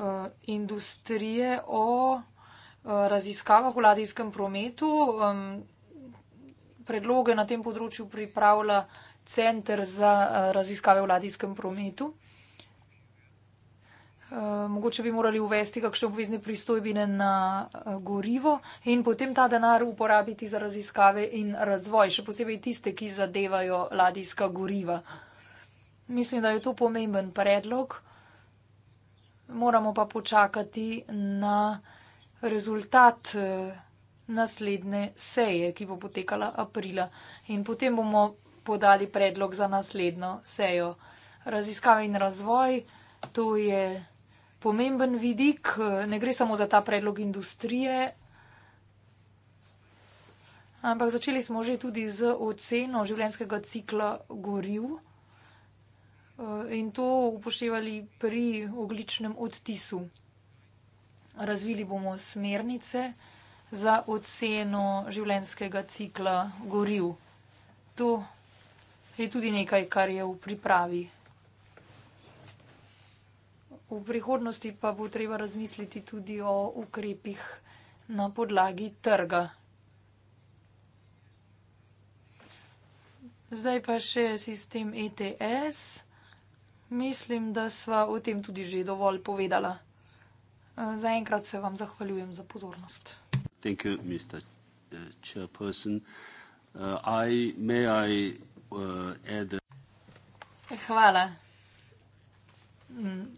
industrije o eh, raziskavah v ladijskem prometu. Predloge na tem področju pripravlja Center za eh, raziskave v ladijskem prometu. Mogoče bi morali uvesti kakšne obvezne pristojbine na gorivo in potem ta denar uporabiti za raziskave in razvoj, še posebej tiste, ki zadevajo ladijska goriva. Mislim, da je to pomemben predlog. Moramo pa počakati na rezultat eh, naslednje seje, ki bo potekala aprila. In potem bomo podali predlog za naslednjo sejo. Raziskave in razvoj, to je pomemben vidik. Ne gre samo za ta predlog industrije, ampak začeli smo že tudi z oceno življenskega cikla goriv. Eh, in to upoštevali pri ogličnem odtisu. Razvili bomo smernice za oceno življenjskega cikla goriv. To je tudi nekaj, kar je v pripravi. V prihodnosti pa bo treba razmisliti tudi o ukrepih na podlagi trga. Zdaj pa še sistem ETS. Mislim, da sva o tem tudi že dovolj povedala. Eh, zaenkrat se vam zahvaljujem za pozornost. Thank you, Mr. Eh, chairperson. Uh, I, may I, uh, add a... Hvala. Mm,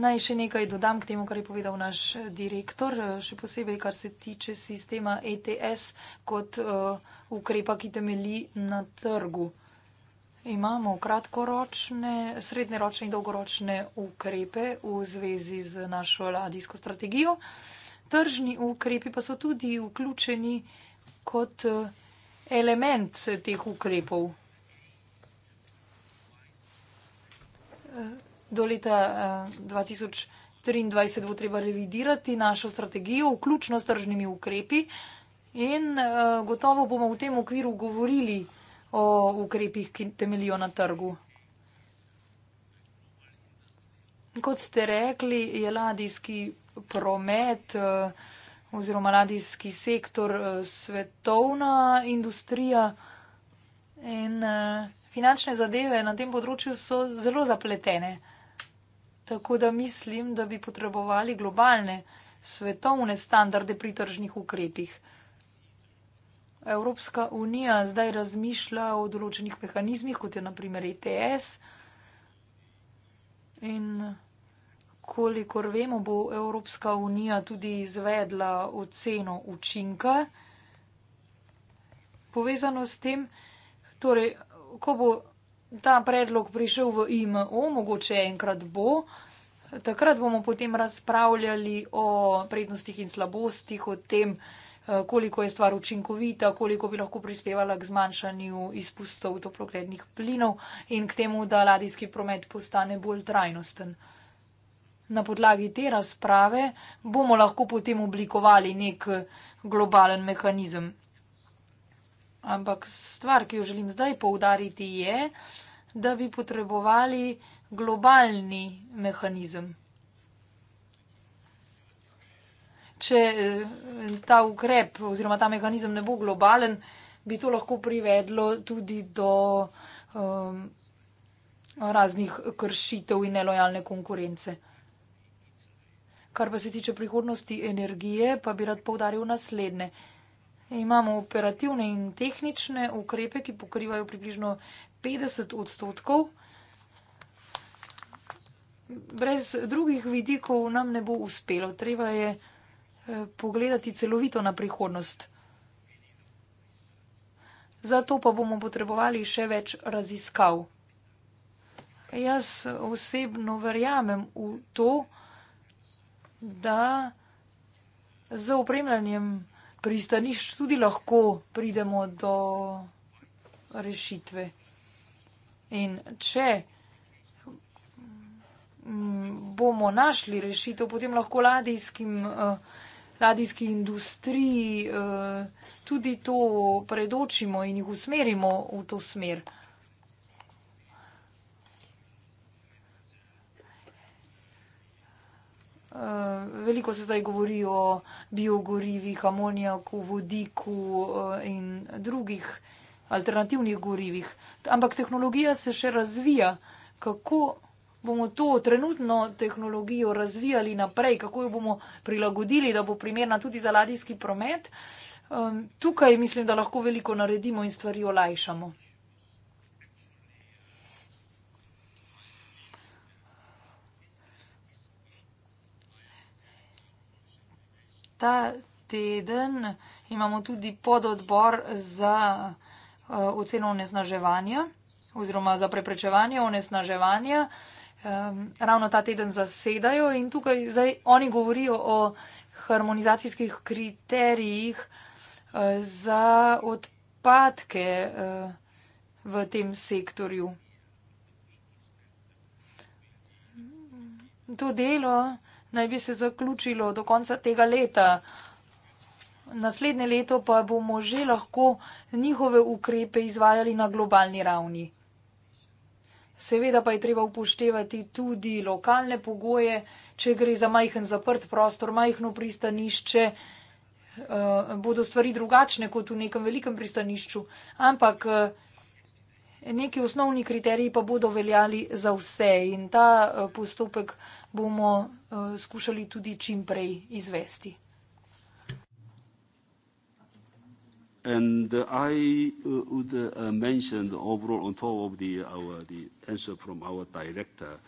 naj še nekaj dodam k temu, kar je povedal naš direktor, še posebej, kar se tiče sistema ETS kot uh, ukrepa, ki temelji na trgu. Uh, Imamo kratkoročne, srednjeročne in dolgoročne ukrepe v zvezi z našo ladijsko strategijo. Tržni ukrepi pa so tudi vključeni kot eh, element teh ukrepov. Eh, do leta 2023 eh, bo treba revidirati našo strategijo, vključno s tržnimi ukrepi. In gotovo bomo v tem okviru govorili o ukrepih, ki temelijo na trgu. Kot ste rekli, je ladijski promet eh, oziroma ladijski sektor eh, svetovna industrija in eh, finančne zadeve na tem področju so zelo zapletene. Tako da mislim, da bi potrebovali globalne svetovne standarde pri tržnih ukrepih. Evropska unija zdaj razmišlja o določenih mehanizmih, kot je naprimer ETS. In kolikor vemo, bo Evropska unija tudi izvedla oceno učinka povezano s tem. Torej, ko bo ta predlog prišel v IMO, mogoče enkrat bo, takrat bomo potem razpravljali o prednostih in slabostih, o tem, Eh, koliko je stvar učinkovita, koliko bi lahko prispevala k zmanjšanju izpustov toplogrednih plinov in k temu, da ladijski promet postane bolj trajnosten. Na podlagi te razprave bomo lahko potem oblikovali nek globalen mehanizem. Ampak stvar, ki jo želim zdaj poudariti, je, da bi potrebovali globalni mehanizem. če eh, ta ukrep oziroma ta mehanizem ne bo globalen, bi to lahko privedlo tudi do um, raznih kršitev in nelojalne konkurence. Kar pa se tiče prihodnosti energije, pa bi rad povdaril naslednje. Imamo operativne in tehnične ukrepe, ki pokrivajo približno 50 odstotkov. Brez drugih vidikov nam ne bo uspelo. Treba je pogledati celovito na prihodnost. Zato pa bomo potrebovali še več raziskav. Jaz osebno verjamem v to, da z opremljanjem pristanišč tudi lahko pridemo do rešitve. In če mm, bomo našli rešitev, potem lahko ladijskim uh, radijski industriji eh, tudi to predočimo in jih usmerimo v to smer. Eh, veliko se zdaj govori o biogorivih, amonijaku, vodiku eh, in drugih alternativnih gorivih, ampak tehnologija se še razvija. Kako bomo to trenutno tehnologijo razvijali naprej, kako jo bomo prilagodili, da bo primerna tudi za ladijski promet. Um, tukaj mislim, da lahko veliko naredimo in stvari olajšamo. Ta teden imamo tudi pododbor za uh, oceno onesnaževanja oziroma za preprečevanje onesnaževanja. Uh, um, ravno ta teden zasedajo in tukaj zdaj oni govorijo o harmonizacijskih kriterijih uh, za odpadke uh, v tem sektorju. To delo naj bi se zaključilo do konca tega leta. Naslednje leto pa bomo že lahko njihove ukrepe izvajali na globalni ravni. Seveda pa je treba upoštevati tudi lokalne pogoje, če gre za majhen zaprt prostor, majhno pristanišče, eh, bodo stvari drugačne kot v nekem velikem pristanišču, ampak eh, neki osnovni kriteriji pa bodo veljali za vse in ta eh, postopek bomo skušali tudi čim prej izvesti. I uh, would uh, mention overall on top of the, our, the answer from our director.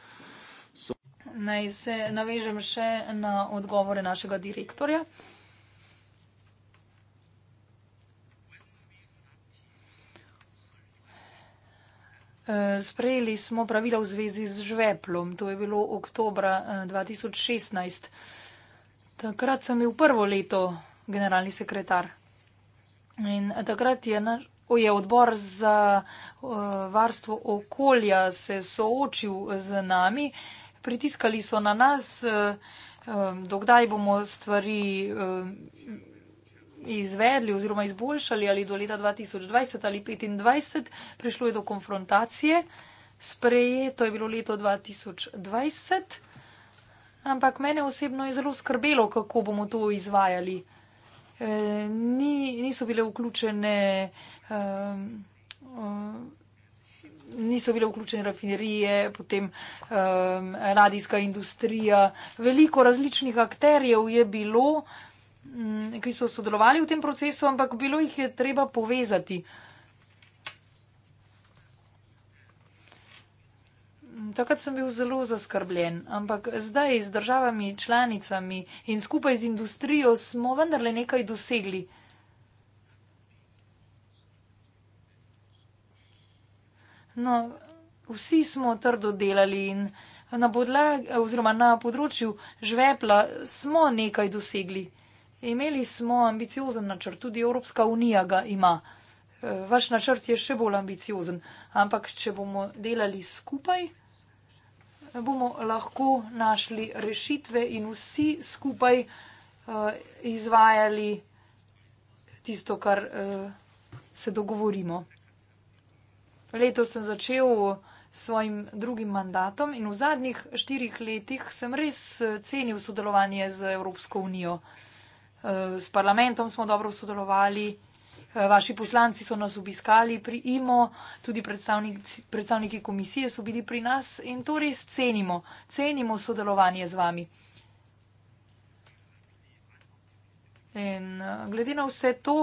Naj se navežem še na odgovore našega direktorja. E, sprejeli smo pravila v zvezi z žveplom, to je bilo oktobra 2016. E, Takrat sem bil prvo leto generalni sekretar. In takrat je, naš, o, je odbor za o, eh, varstvo okolja se soočil z nami, pritiskali so na nas, eh, eh, dokdaj bomo stvari izvedli oziroma izboljšali ali do leta 2020 ali 2025, prišlo je do konfrontacije, sprejeto je bilo leto 2020, ampak mene osebno je zelo skrbelo, kako bomo to izvajali ni, niso bile vključene. Um, um, Niso bile vključene rafinerije, potem um, radijska industrija. Veliko različnih akterjev je bilo, um, ki so sodelovali v tem procesu, ampak bilo jih je treba povezati. Uh, takrat sem bil zelo zaskrbljen, ampak zdaj z državami članicami in skupaj z industrijo smo vendarle nekaj dosegli. No, vsi smo trdo delali in na, podlag, na področju žvepla smo nekaj dosegli. Imeli smo ambiciozen načrt, tudi Evropska unija ga ima. Vaš načrt je še bolj ambiciozen, ampak če bomo delali skupaj bomo lahko našli rešitve in vsi skupaj uh, izvajali tisto, kar uh, se dogovorimo. Leto sem začel s svojim drugim mandatom in v zadnjih štirih letih sem res eh, cenil sodelovanje z Evropsko unijo. Uh, s parlamentom smo dobro sodelovali. Eh, vaši poslanci so nas obiskali pri IMO, tudi predstavniki, predstavniki komisije so bili pri nas in to res cenimo. Cenimo sodelovanje z vami. In eh, glede na vse to,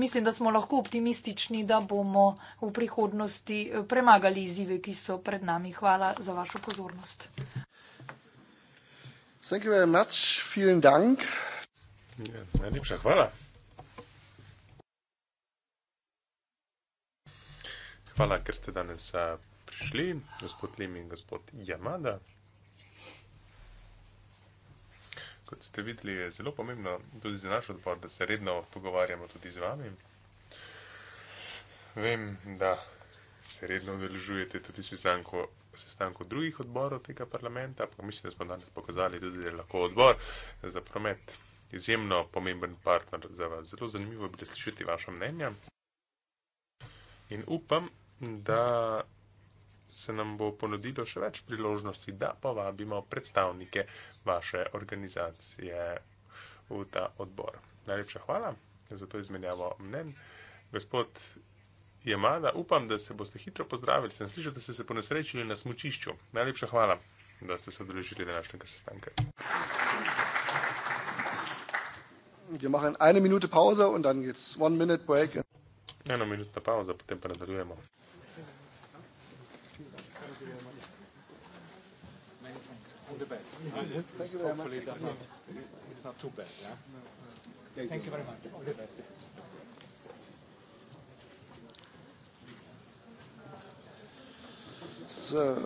mislim, da smo lahko optimistični, da bomo v prihodnosti eh, premagali izzive, ki so pred nami. Hvala za vašo pozornost. Thank you very much. Vielen Dank. Ja, najlepša hvala. Hvala, ker ste danes prišli, gospod Lim in gospod Jamada. Kot ste videli, je zelo pomembno tudi za naš odbor, da se redno pogovarjamo tudi z vami. Vem, da se redno udeležujete tudi sestankov drugih odborov tega parlamenta, pa mislim, da smo danes pokazali tudi, da je lahko odbor za promet izjemno pomemben partner za vas. Zelo zanimivo je bilo slišati vaše mnenje. In upam, da se nam bo ponudilo še več priložnosti, da povabimo predstavnike vaše organizacije v ta odbor. Najlepša hvala za to izmenjavo mnen. Gospod Jemada, upam, da se boste hitro pozdravili. Sem slišal, da ste se ponesrečili na smučišču. Najlepša hvala, da ste se odrežili današnjega sestanka. Eno minuto pauza, potem pa nadaljujemo. the best. Thank you very much. Hopefully that's not, it's not too bad. Yeah? No, no. Thank you very much. All the best. So...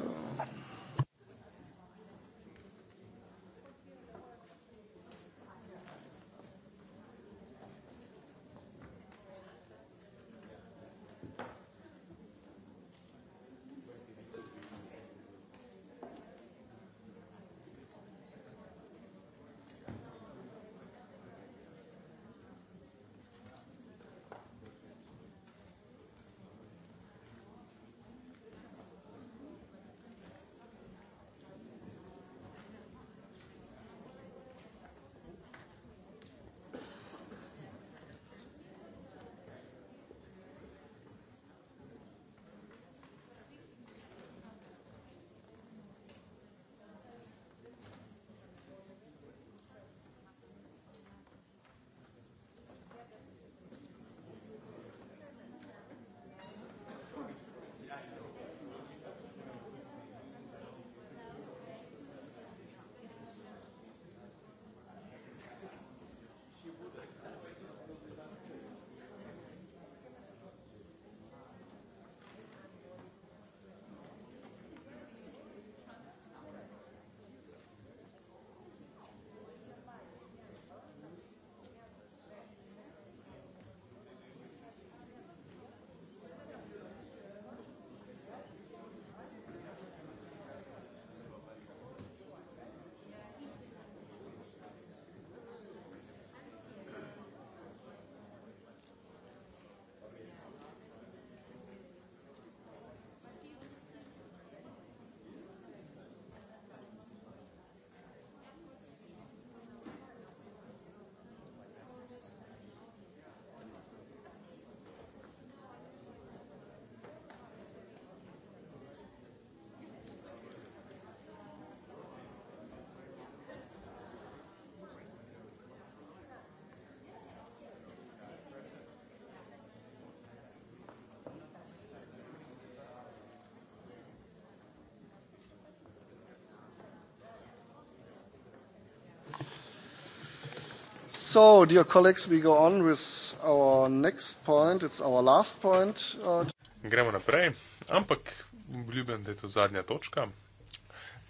So, dear colleagues, we go on with our next point. It's our last point. Uh, Gremo naprej, ampak obljubim, da je to zadnja točka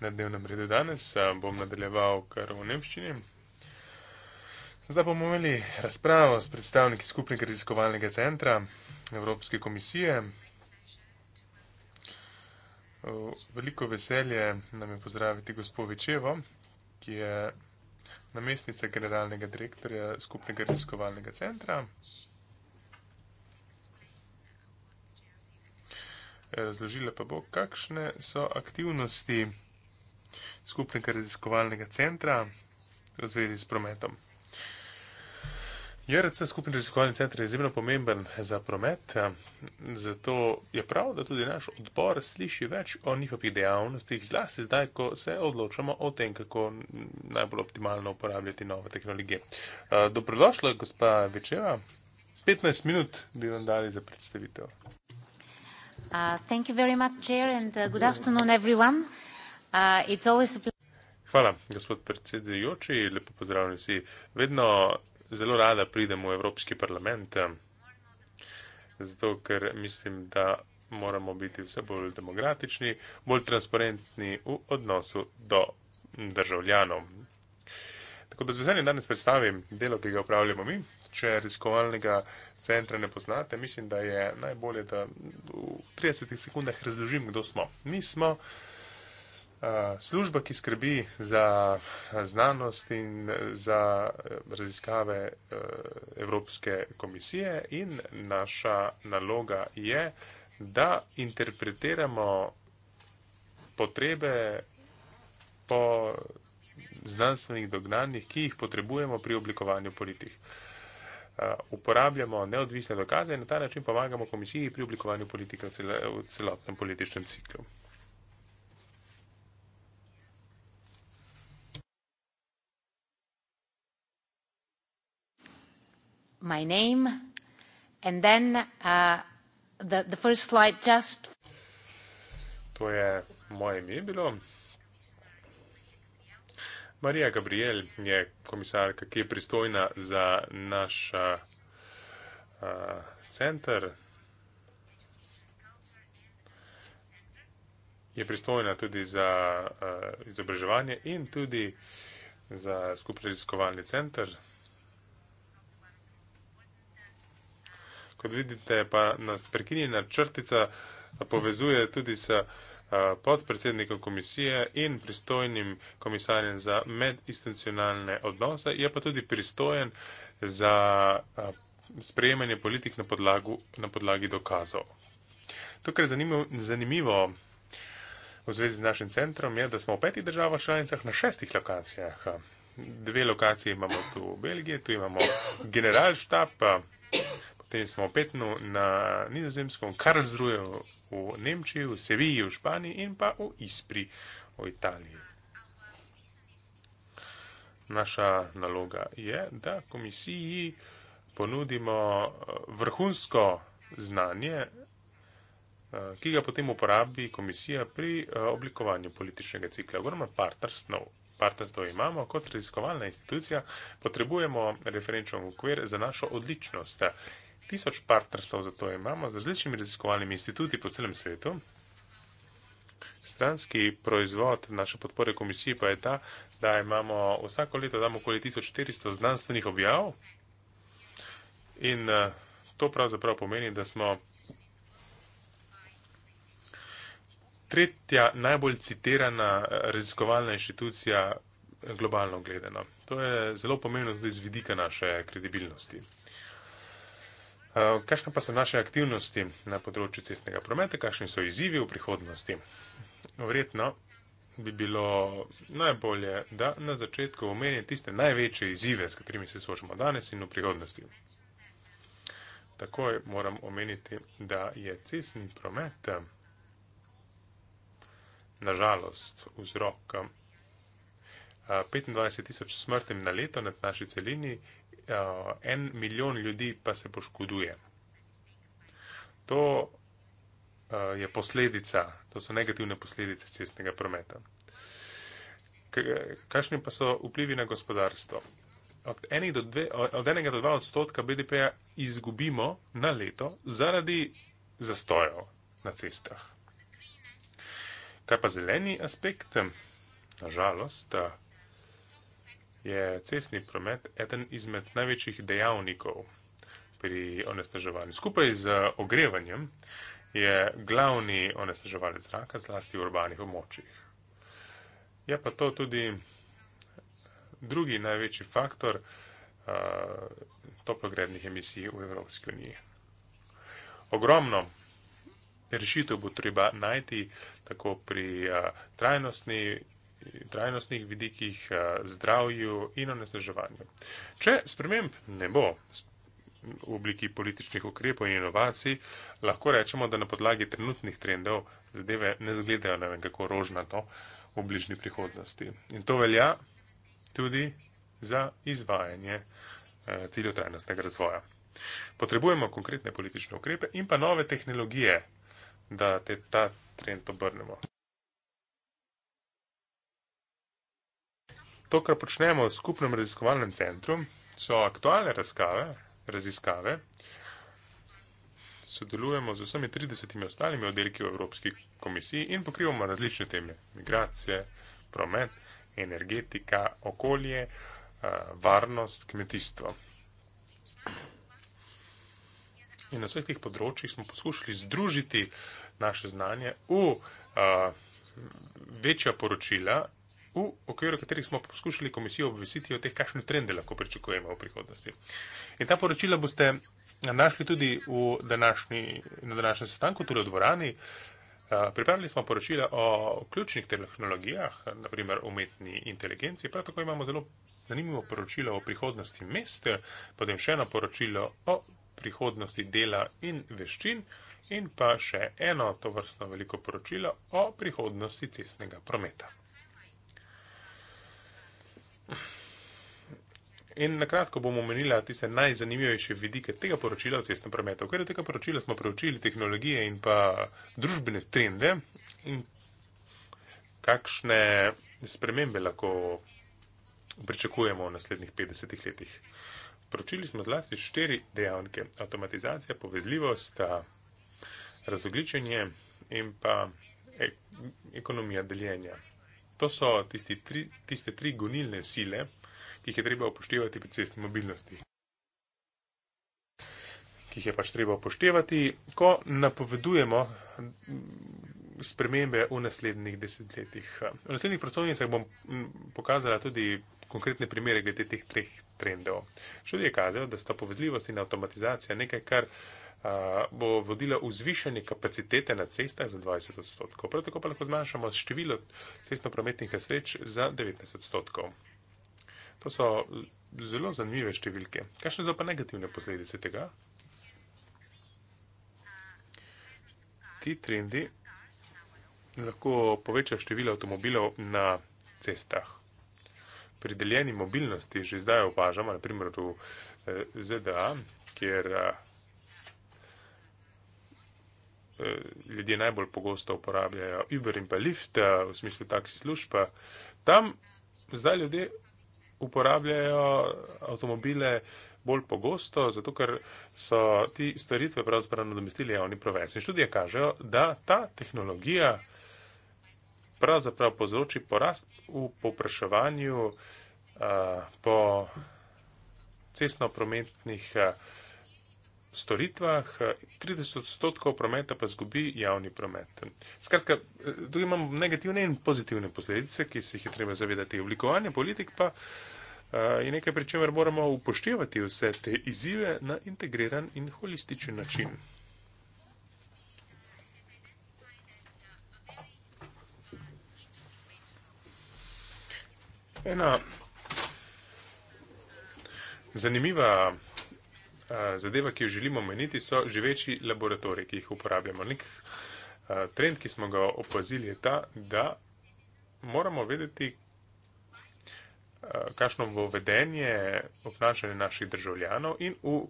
na dnevnem redu danes. Eh, bom nadaljeval kar v nemščini. Zdaj bomo imeli razpravo s predstavniki skupnega raziskovalnega centra Evropske komisije. Eh, veliko veselje nam je pozdraviti gospod Večevo, ki je namestnica generalnega direktorja skupnega raziskovalnega centra. Razložila pa bo, kakšne so aktivnosti skupnega raziskovalnega centra v zvezi s prometom. Je recimo skupni raziskovalni center izjemno pomemben za promet, zato je prav, da tudi naš odbor sliši več o njihovih dejavnostih, zlasti zdaj, ko se odločamo o tem, kako najbolj optimalno uporabljati nove tehnologije. Dobrodošla, gospa Večeva. 15 minut bi vam dali za predstavitev. Uh, Hvala, gospod predsedujoči. Lepo pozdravljeni vsi. Vedno zelo rada pridem v Evropski parlament, eh, zato ker mislim, da moramo biti vse bolj demokratični, bolj transparentni v odnosu do državljanov. Tako da z veseljem danes predstavim delo, ki ga upravljamo mi. Če raziskovalnega centra ne poznate, mislim, da je najbolje, da v 30 sekundah razložim, kdo smo. Mi smo. Eh, služba, ki skrbi za eh, znanost in eh, za raziskave Evropske komisije in naša naloga je, da interpretiramo potrebe po znanstvenih dognanjih, ki jih potrebujemo pri oblikovanju politik. Uporabljamo neodvisne dokaze in na ta način pomagamo komisiji pri oblikovanju politika v celotnem političnem ciklu. my name and then uh, the, the first slide just to je moje ime bilo. Marija Gabriel je komisarka, ki je pristojna za naš uh, uh center. Je pristojna tudi za uh, izobraževanje in tudi za skupni raziskovalni center. Kot vidite, pa nas prekinjena črtica povezuje tudi s eh, podpredsednikom komisije in pristojnim komisarjem za medinstitucionalne odnose, je pa tudi pristojen za eh, sprejemanje politik na, podlagu, na podlagi dokazov. To, kar je zanimivo, zanimivo v zvezi z našim centrom, je, da smo v petih državah članicah na šestih lokacijah. Dve lokacije imamo tu v Belgiji, tu imamo generalštab potem smo opet no, na Nizozemskem, Karlsruhe v Nemčiji, v Seviji v Španiji in pa v Ispri v Italiji. Naša naloga je, da komisiji ponudimo eh, vrhunsko znanje, eh, ki ga potem uporabi komisija pri eh, oblikovanju političnega cikla. Govorimo partnerstv. Partnerstvo imamo kot raziskovalna institucija, potrebujemo referenčno okvir za našo odličnost tisoč partnerstv za to imamo z različnimi raziskovalnimi instituti po celem svetu. Stranski proizvod naše podpore komisiji pa je ta, da imamo vsako leto damo okoli 1400 znanstvenih objav in eh, to pravzaprav pomeni, da smo tretja najbolj citirana eh, raziskovalna inštitucija eh, globalno gledano. To je zelo pomembno tudi z vidika naše kredibilnosti. Eh, kakšne pa so naše aktivnosti na področju cestnega prometa, kakšni so izzivi v prihodnosti? Verjetno bi bilo najbolje, da na začetku omenim tiste največje izzive, s katerimi se soočamo danes in v prihodnosti. Takoj moram omeniti, da je cestni promet eh, nažalost vzrok 25 eh, tisoč smrtem na leto na naši celini uh, en milijon ljudi pa se poškoduje. To uh, je posledica, to so negativne posledice cestnega prometa. Kakšni pa so vplivi na gospodarstvo? Od, do dve, od enega do dva odstotka BDP-ja izgubimo na leto zaradi zastojev na cestah. Kaj pa zeleni aspekt? Nažalost, eh, je cestni promet eden izmed največjih dejavnikov pri onesnaževanju. Skupaj z ogrevanjem je glavni onesnaževalec zraka, zlasti v urbanih območjih. Je pa to tudi drugi največji faktor uh, toplogrednih emisij v Evropski uniji. Ogromno rešitev bo treba najti tako pri uh, trajnostni trajnostnih vidikih, eh, zdravju in onesnaževanju. Če sprememb ne bo v obliki političnih ukrepov in inovacij, lahko rečemo, da na podlagi trenutnih trendov zadeve ne zgledajo ne vem kako rožnato v bližnji prihodnosti. In to velja tudi za izvajanje eh, ciljev trajnostnega razvoja. Potrebujemo konkretne politične ukrepe in pa nove tehnologije, da te ta trend obrnemo. To, kar počnemo v skupnem raziskovalnem centru, so aktualne razkave, raziskave. Sodelujemo z vsemi 30 ostalimi oddelki v Evropski komisiji in pokrivamo različne teme: migracije, promet, energetika, okolje, eh, varnost, kmetijstvo. In na vseh teh področjih smo poskušali združiti naše znanje v uh, večja poročila v okviru katerih smo poskušali komisijo obvestiti o teh, kakšne trende lahko pričakujemo v prihodnosti. In ta poročila boste našli tudi današnji, na današnjem sestanku, tudi torej v dvorani. Pripravili smo poročila o ključnih tehnologijah, naprimer umetni inteligenci, prav tako imamo zelo zanimivo poročilo o prihodnosti mest, potem še eno poročilo o prihodnosti dela in veščin in pa še eno to vrstno veliko poročilo o prihodnosti cestnega prometa. In na kratko bomo omenila tiste najzanimivejše vidike tega poročila o cestnem prometu. Ker je tega poročila smo preučili tehnologije in pa družbene trende in kakšne spremembe lahko pričakujemo v naslednjih 50 letih. Poročili smo zlasti štiri dejavnike. Avtomatizacija, povezljivost, razogličenje in pa ek ekonomija deljenja. To so tri, tiste tri gonilne sile, ki jih je treba upoštevati pri cestni mobilnosti. Ki jih je pač treba upoštevati, ko napovedujemo spremembe v naslednjih desetletjih. V naslednjih predstavnicah bom pokazala tudi konkretne primere glede teh treh trendov. Študije kazajo, da sta povezljivost in avtomatizacija nekaj, kar uh, bo vodila vzvišenje kapacitete na cestah za 20 odstotkov. Prav tako pa lahko zmanjšamo število cestno-prometnih nesreč za 19 odstotkov. To so zelo zanimive številke. Kakšne so pa negativne posledice tega? Ti trendi lahko povečajo število avtomobilov na cestah. Pri deljeni mobilnosti že zdaj opažamo, naprimer v eh, ZDA, kjer eh, Eh, ljudje najbolj pogosto uporabljajo Uber in pa Lyft eh, v smislu taksi služba. Tam zdaj ljudje uporabljajo avtomobile bolj pogosto, zato ker so ti storitve pravzaprav nadomestili javni provajalci. Študije kažejo, da ta tehnologija pravzaprav povzroči porast v povpraševanju uh, po cestno-prometnih uh, storitvah, 30 odstotkov prometa pa zgubi javni promet. Skratka, tu imamo negativne in pozitivne posledice, ki se jih je treba zavedati. Oblikovanje politik pa eh, je nekaj, pri čemer moramo upoštevati vse te izzive na integriran in holističen način. Ena zanimiva zadeva, ki jo želimo meniti, so živeči laboratoriji, ki jih uporabljamo. Nek trend, ki smo ga opazili, je ta, da moramo vedeti, kakšno bo vedenje, obnašanje naših državljanov in v,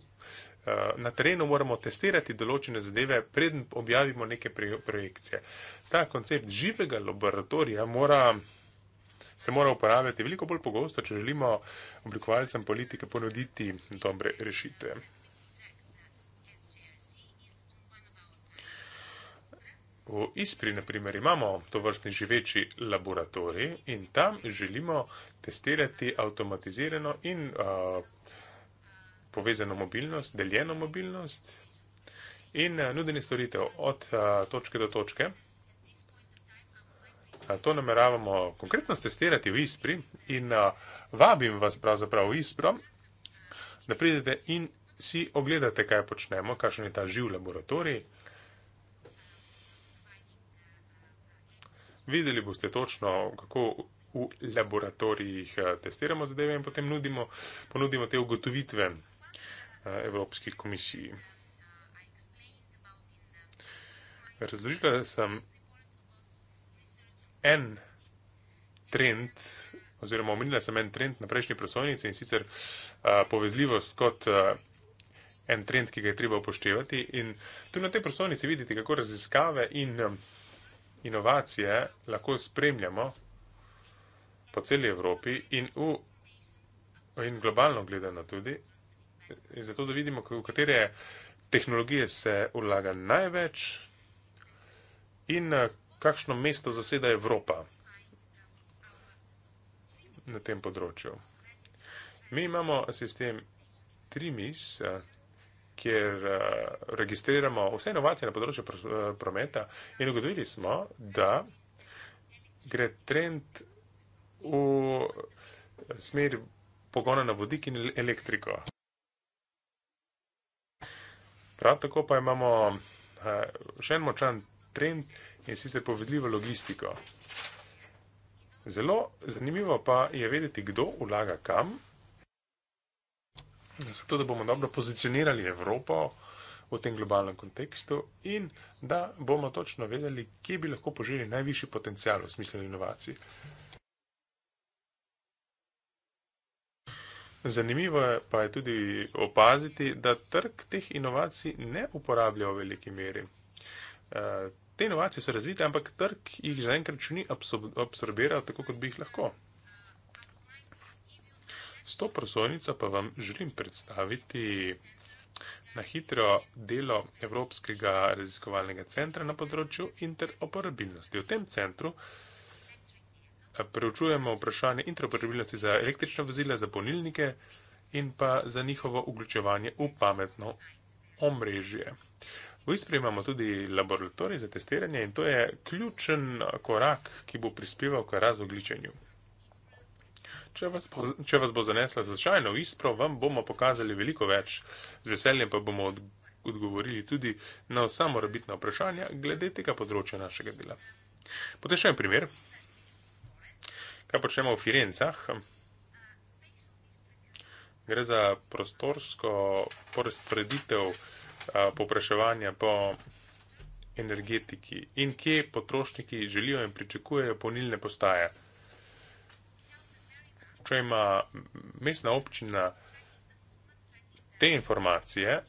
na terenu moramo testirati določene zadeve, preden objavimo neke projekcije. Ta koncept živega laboratorija mora se mora uporabljati veliko bolj pogosto, če želimo oblikovalcem politike ponuditi dobre rešitve. V Ispri, na primer, imamo to vrstni živeči laboratorij in tam želimo testirati avtomatizirano in a, povezano mobilnost, deljeno mobilnost in nudenje storitev od a, točke do točke to nameravamo konkretno testirati v ISPRI in uh, vabim vas pravzaprav v ISPRO, da pridete in si ogledate, kaj počnemo, kakšen je ta živ laboratorij. Videli boste točno, kako v laboratorijih testiramo zadeve in potem nudimo, ponudimo te ugotovitve Evropski komisiji. Razložila sem en trend, oziroma omenila sem en trend na prejšnji prosojnici in sicer uh, povezljivost kot uh, en trend, ki ga je treba upoštevati. In tudi na tej prosojnici vidite, kako raziskave in um, inovacije lahko spremljamo po celi Evropi in, v, in globalno gledano tudi. Zato, da vidimo, v katere tehnologije se ulaga največ in uh, kakšno mesto zaseda Evropa na tem področju. Mi imamo sistem Trimis, eh, kjer eh, registriramo vse inovacije na področju eh, prometa in ugotovili smo, da gre trend v smer pogona na vodik in elektriko. Prav tako pa imamo še en močan trend, in sicer povezljivo logistiko. Zelo zanimivo pa je vedeti, kdo vlaga kam. Zato, da bomo dobro pozicionirali Evropo v tem globalnem kontekstu in da bomo točno vedeli, kje bi lahko poželi najvišji potencial v smislu inovacij. Zanimivo je pa je tudi opaziti, da trg teh inovacij ne uporablja v veliki meri. Eh, te inovacije so razvite, ampak trg jih za enkrat še ni absorbiral tako, kot bi jih lahko. S to prosojnico pa vam želim predstaviti na hitro delo Evropskega raziskovalnega centra na področju interoperabilnosti. V tem centru eh, preučujemo vprašanje interoperabilnosti za električna vozila, za ponilnike in pa za njihovo vključevanje v pametno omrežje. V Istri imamo tudi laboratorij za testiranje in to je ključen korak, ki bo prispeval k razogličenju. Če vas, bo, če vas bo zanesla slučajno v Istro, vam bomo pokazali veliko več. Z veseljem pa bomo od, odgovorili tudi na vsa morabitna vprašanja glede tega področja našega dela. Potešen primer. Kaj počnemo v Firencah? Gre za prostorsko porazporeditev popraševanja po energetiki in kje potrošniki želijo in pričakujejo ponilne postaje. Če ima mestna občina te informacije,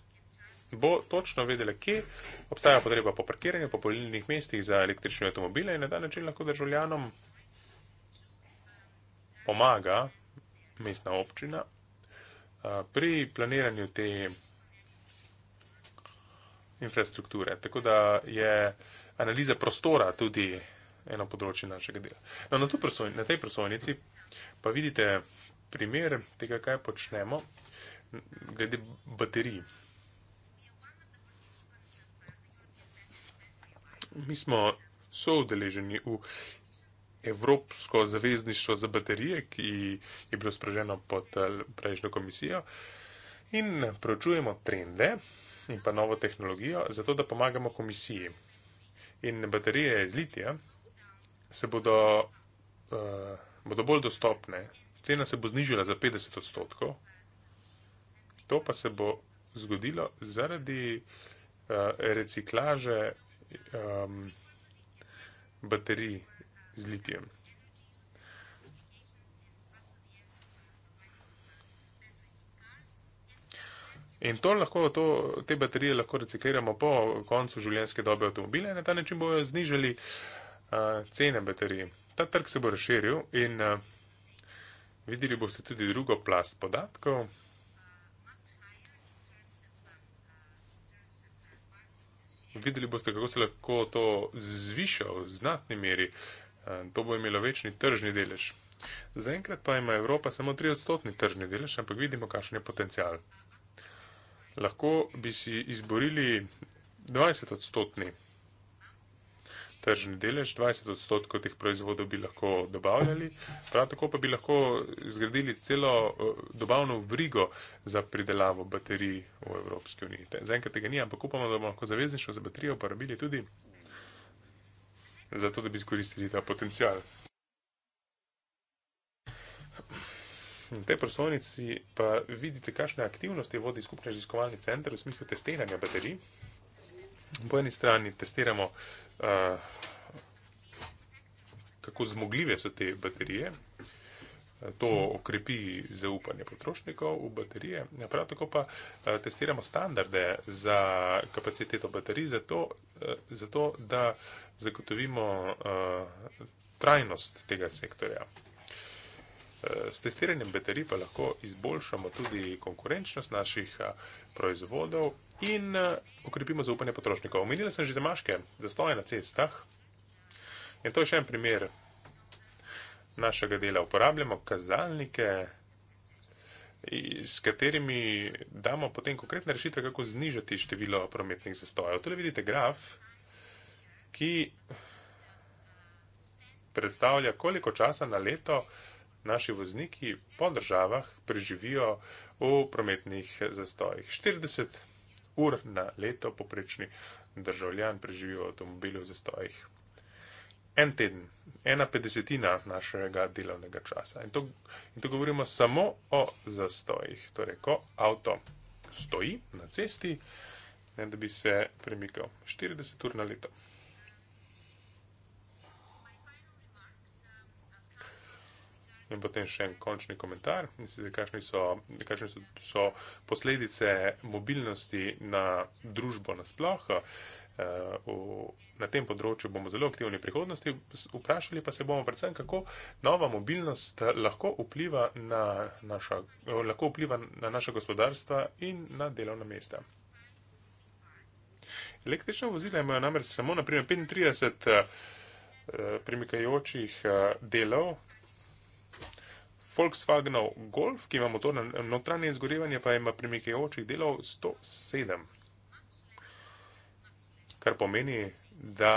bo točno vedela, kje obstaja potreba po parkiranju, po polnilnih mestih za električne avtomobile in na ta način lahko državljanom pomaga mestna občina pri planiranju te informacije infrastrukture. Tako da je analiza prostora tudi eno področje našega dela. No, na, na tej prosojnici pa vidite primer tega, kaj počnemo glede baterij. Mi smo soodeleženi v Evropsko zavezništvo za baterije, ki je bilo sproženo pod prejšnjo komisijo in pročujemo trende in pa novo tehnologijo, zato da pomagamo komisiji. In baterije iz litija se bodo, uh, bodo bolj dostopne, cena se bo znižila za 50 odstotkov. To pa se bo zgodilo zaradi uh, reciklaže um, baterij z litijem. In to lahko, to, te baterije lahko recikliramo po koncu življenjske dobe avtomobila in na ta način bojo znižali uh, cene baterij. Ta trg se bo razširil in uh, videli boste tudi drugo plast podatkov. Videli boste, kako se lahko to zviša v znatni meri. Eh, to bo imelo večni tržni delež. Zaenkrat pa ima Evropa samo 3-odstotni tržni delež, ampak vidimo, kakšen je potencial lahko bi si izborili 20 odstotni tržni delež, 20 odstotkov teh proizvodov bi lahko dobavljali, prav tako pa bi lahko zgradili celo eh, dobavno vrigo za pridelavo baterij v Evropski uniji. Zaenkrat tega ni, ampak upamo, da bomo lahko zavezništvo za baterije uporabili tudi zato, da bi izkoristili ta potencial kakšni v tej prostornici, pa vidite, kakšne aktivnosti vodi skupni raziskovalni center v smislu testiranja baterij. Po eni strani testiramo, uh, kako zmogljive so te baterije. To okrepi zaupanje potrošnikov v baterije. Prav tako pa eh, testiramo standarde za kapaciteto baterij, zato, eh, zato da zagotovimo trajnost tega sektorja. S testiranjem baterij pa lahko izboljšamo tudi konkurenčnost naših proizvodov in okrepimo zaupanje potrošnikov. Omenila sem že zamaške zastoje na cestah in to je še en primer našega dela. Uporabljamo kazalnike, s katerimi damo potem konkretne rešitve, kako znižati število prometnih zastojev. Tole vidite graf, ki predstavlja, koliko časa na leto naši vozniki po državah preživijo v prometnih zastojih. 40 ur na leto poprečni državljan preživi v avtomobilu v zastojih. En teden, ena petdesetina našega delovnega časa. In to, in to govorimo samo o zastojih. Torej, ko avto stoji na cesti, ne da bi se premikal 40 ur na leto. in potem še en končni komentar, kakšne so, kakšne so, so posledice mobilnosti na družbo nasploha. Eh, na tem področju bomo zelo aktivni v prihodnosti, vprašali pa se bomo predvsem, kako nova mobilnost lahko vpliva na naša, lahko vpliva na naša gospodarstva in na delovna mesta. Električna vozila imajo namreč samo naprimer 35 eh, premikajočih eh, delov, Volkswagenov Golf, ki ima motor na notranje izgorevanje, pa ima premikajočih delov 107. Kar pomeni, da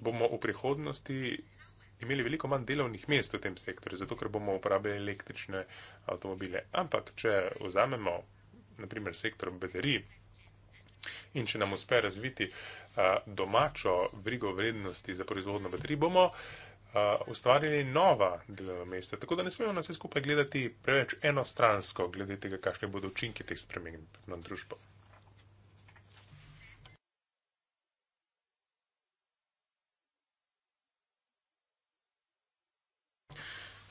bomo v prihodnosti imeli veliko manj delovnih mest v tem sektorju, zato ker bomo uporabljali električne avtomobile. Ampak, če vzamemo, naprimer, sektor baterij in če nam uspe razviti a, domačo vrigo vrednosti za proizvodno baterij, bomo a, ustvarili nova delovna mesta. Tako da ne smemo na vse skupaj gledati preveč enostransko, glede tega, kakšne bodo učinki teh sprememb na družbo.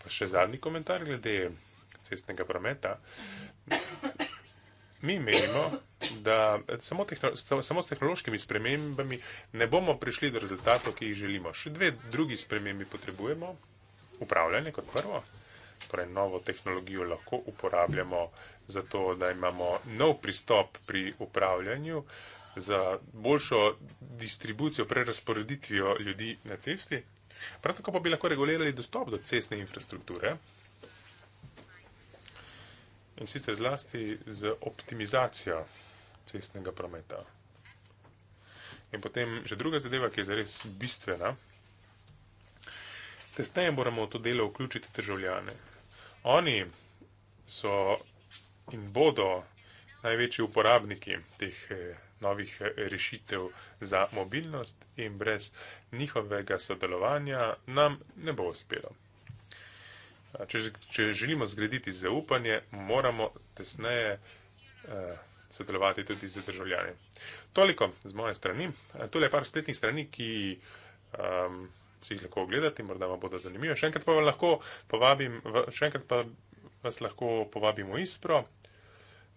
Pa še zadnji komentar glede cestnega prometa. Mi menimo, da samo, tehnolo samo s tehnološkimi spremembami ne bomo prišli do rezultatov, ki jih želimo. Še dve drugi spremembi potrebujemo. Upravljanje kot prvo. Torej, novo tehnologijo lahko uporabljamo za to, da imamo nov pristop pri upravljanju, za boljšo distribucijo, prerasporeditvijo ljudi na cesti. Prav tako pa bi lahko regulirali dostop do cestne infrastrukture, in sicer zlasti z optimizacijo cestnega prometa. In potem še druga zadeva, ki je zares bistvena. Tesneje moramo v to delo vključiti državljane. Oni so in bodo največji uporabniki teh eh, novih eh, rešitev za mobilnost in brez njihovega sodelovanja nam ne bo uspelo. Če, če želimo zgraditi zaupanje, moramo tesneje eh, sodelovati tudi z državljani. Toliko z moje strani. Tole je par spletnih strani, ki um, si jih lahko ogledate, morda vam bodo zanimive. Še enkrat pa, lahko povabim, še enkrat pa vas lahko povabim v ISPRO,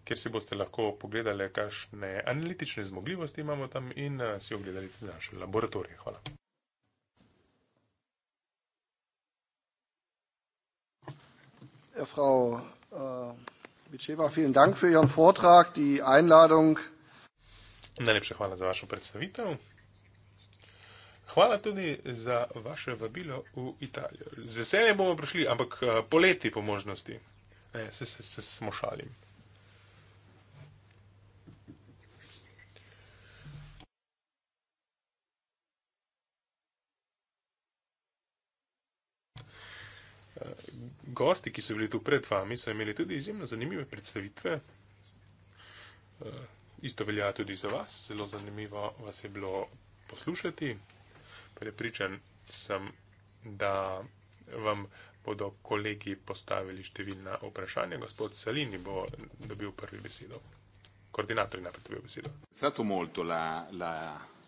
kjer si boste lahko pogledali, kakšne analitične zmogljivosti imamo tam in eh, si ogledali tudi naše laboratorije. Hvala. Ja, Frau Bitscheva, äh, vielen Dank für Ihren Vortrag, die Einladung. Najlepša hvala za vašo predstavitev. Hvala tudi za vaše vabilo v Italijo. Z veseljem bomo prišli, ampak äh, poleti po možnosti. E, se, se, se smo šali gosti, ki so bili tu pred vami, so imeli tudi izjemno zanimive predstavitve. Eh, isto velja tudi za vas, zelo zanimivo vas je bilo poslušati. Prepričan sem, da vam bodo kolegi postavili številna vprašanja. Gospod Salini bo dobil prvi besedo. Koordinator je najprej dobil besedo. Zato molto la, la,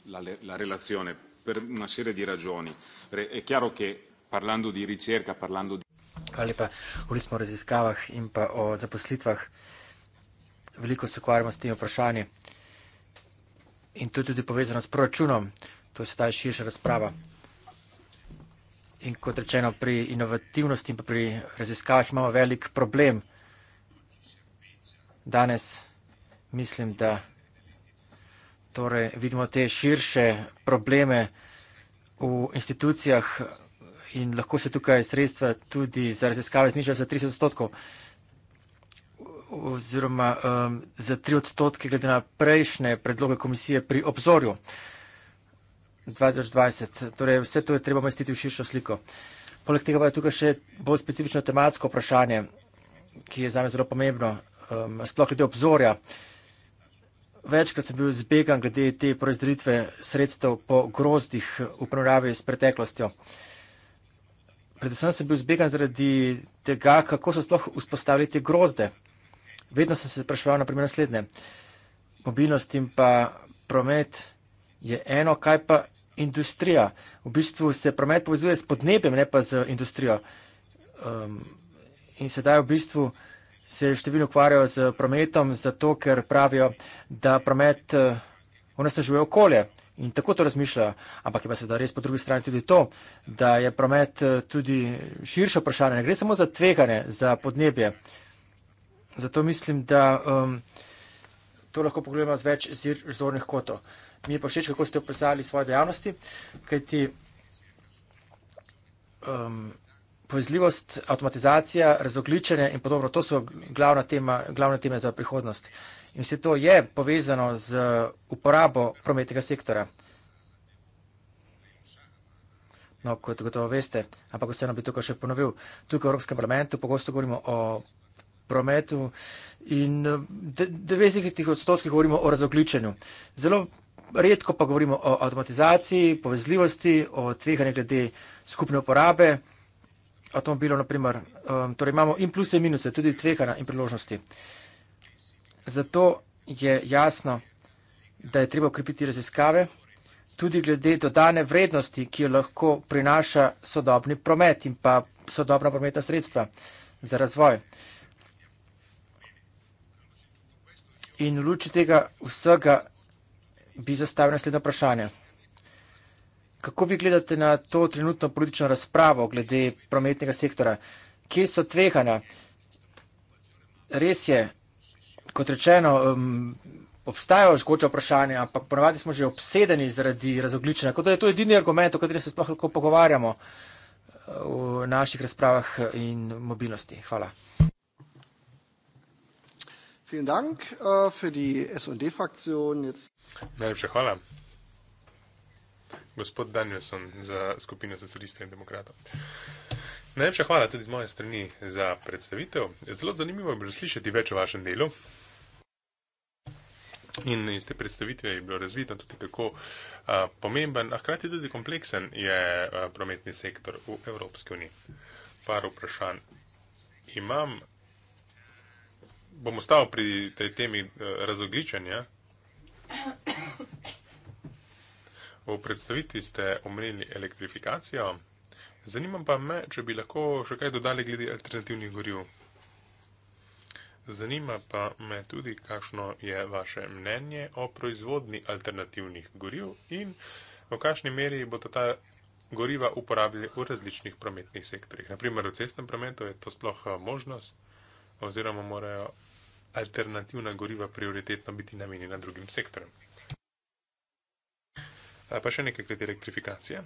la, la relazione per una serie di ragioni. È chiaro che parlando di ricerca, parlando di ali pa govorili smo o raziskavah in pa o zaposlitvah. Veliko se ukvarjamo s temi vprašanji in to je tudi povezano s proračunom, to je sedaj širša razprava. In kot rečeno, pri inovativnosti in pa pri raziskavah imamo velik problem. Danes mislim, da torej vidimo te širše probleme v institucijah, in lahko se tukaj sredstva tudi za raziskave znižajo za 30 odstotkov oziroma um, za 3 odstotke glede na prejšnje predloge komisije pri obzorju 2020. Torej vse to je treba umestiti v širšo sliko. Poleg tega pa je tukaj še bolj specifično tematsko vprašanje, ki je za me zelo pomembno, um, sploh glede obzorja. Večkrat sem bil zbegan glede te porazdelitve sredstev po grozdih v primerjavi s preteklostjo predvsem sem bil zbegan zaradi tega, kako so sploh vzpostavili te grozde. Vedno sem se spraševal naprimer naslednje. Mobilnost in pa promet je eno, kaj pa industrija. V bistvu se promet povezuje s podnebjem, ne pa z industrijo. Um, in sedaj v bistvu se številni ukvarjajo z prometom, zato ker pravijo, da promet uh, onesnažuje okolje. In tako to razmišljajo. Ampak je pa seveda res po drugi strani tudi to, da je promet eh, tudi širše vprašanje. Ne gre samo za tveganje, za podnebje. Zato mislim, da um, to lahko pogledamo z več zornih kotov. Mi je pa všeč, kako ste opisali svoje dejavnosti, kajti um, povezljivost, avtomatizacija, razogličenje in podobno, to so glavna tema, glavna tema za prihodnost. Uh, In vse to je povezano z uporabo prometnega sektora. No, kot gotovo veste, ampak vseeno bi tukaj še ponovil. Tukaj v Evropskem parlamentu pogosto govorimo o prometu in 90 eh, odstotkih govorimo o razokličenju. Zelo redko pa govorimo o avtomatizaciji, povezljivosti, o tveganju glede skupne uporabe avtomobilov, naprimer. Ehm, torej imamo in plus in minuse, tudi tvegana in priložnosti. Zato je jasno, da je treba ukrepiti raziskave, tudi glede dodane vrednosti, ki jo lahko prinaša sodobni promet in pa sodobna prometna sredstva za razvoj. In v luči tega vsega bi zastavil naslednje vprašanje. Kako vi gledate na to trenutno politično razpravo glede prometnega sektora? Kje so tvegana? Res je, kot rečeno, um, obstajajo žgoča vprašanja, ampak ponavadi smo že obsedeni zaradi razogličenja. Tako da je to edini argument, o katerem se sploh lahko pogovarjamo eh, v naših razpravah in mobilnosti. Hvala. Dank, uh, Najlepša hvala. Gospod Danielson za skupino socialistov in demokratov. Najlepša hvala tudi z moje strani za predstavitev. Zelo zanimivo je bilo slišati več o vašem delu. In iz te predstavitve je bilo razvidno tudi, kako pomemben, a hkrati tudi kompleksen je a, prometni sektor v Evropski uniji. Par vprašanj imam. Bom ostal pri tej temi razogličanja. V predstavitvi ste omenili elektrifikacijo. Zanima pa me, če bi lahko še kaj dodali glede alternativnih goriv. Zanima pa me tudi, kakšno je vaše mnenje o proizvodni alternativnih goriv in v kakšni meri bodo ta goriva uporabljali v različnih prometnih sektorjih. Naprimer, v cestnem prometu je to sploh eh, možnost oziroma morajo alternativna goriva prioritetno biti namenjena drugim sektorjem. Pa še nekaj glede elektrifikacije.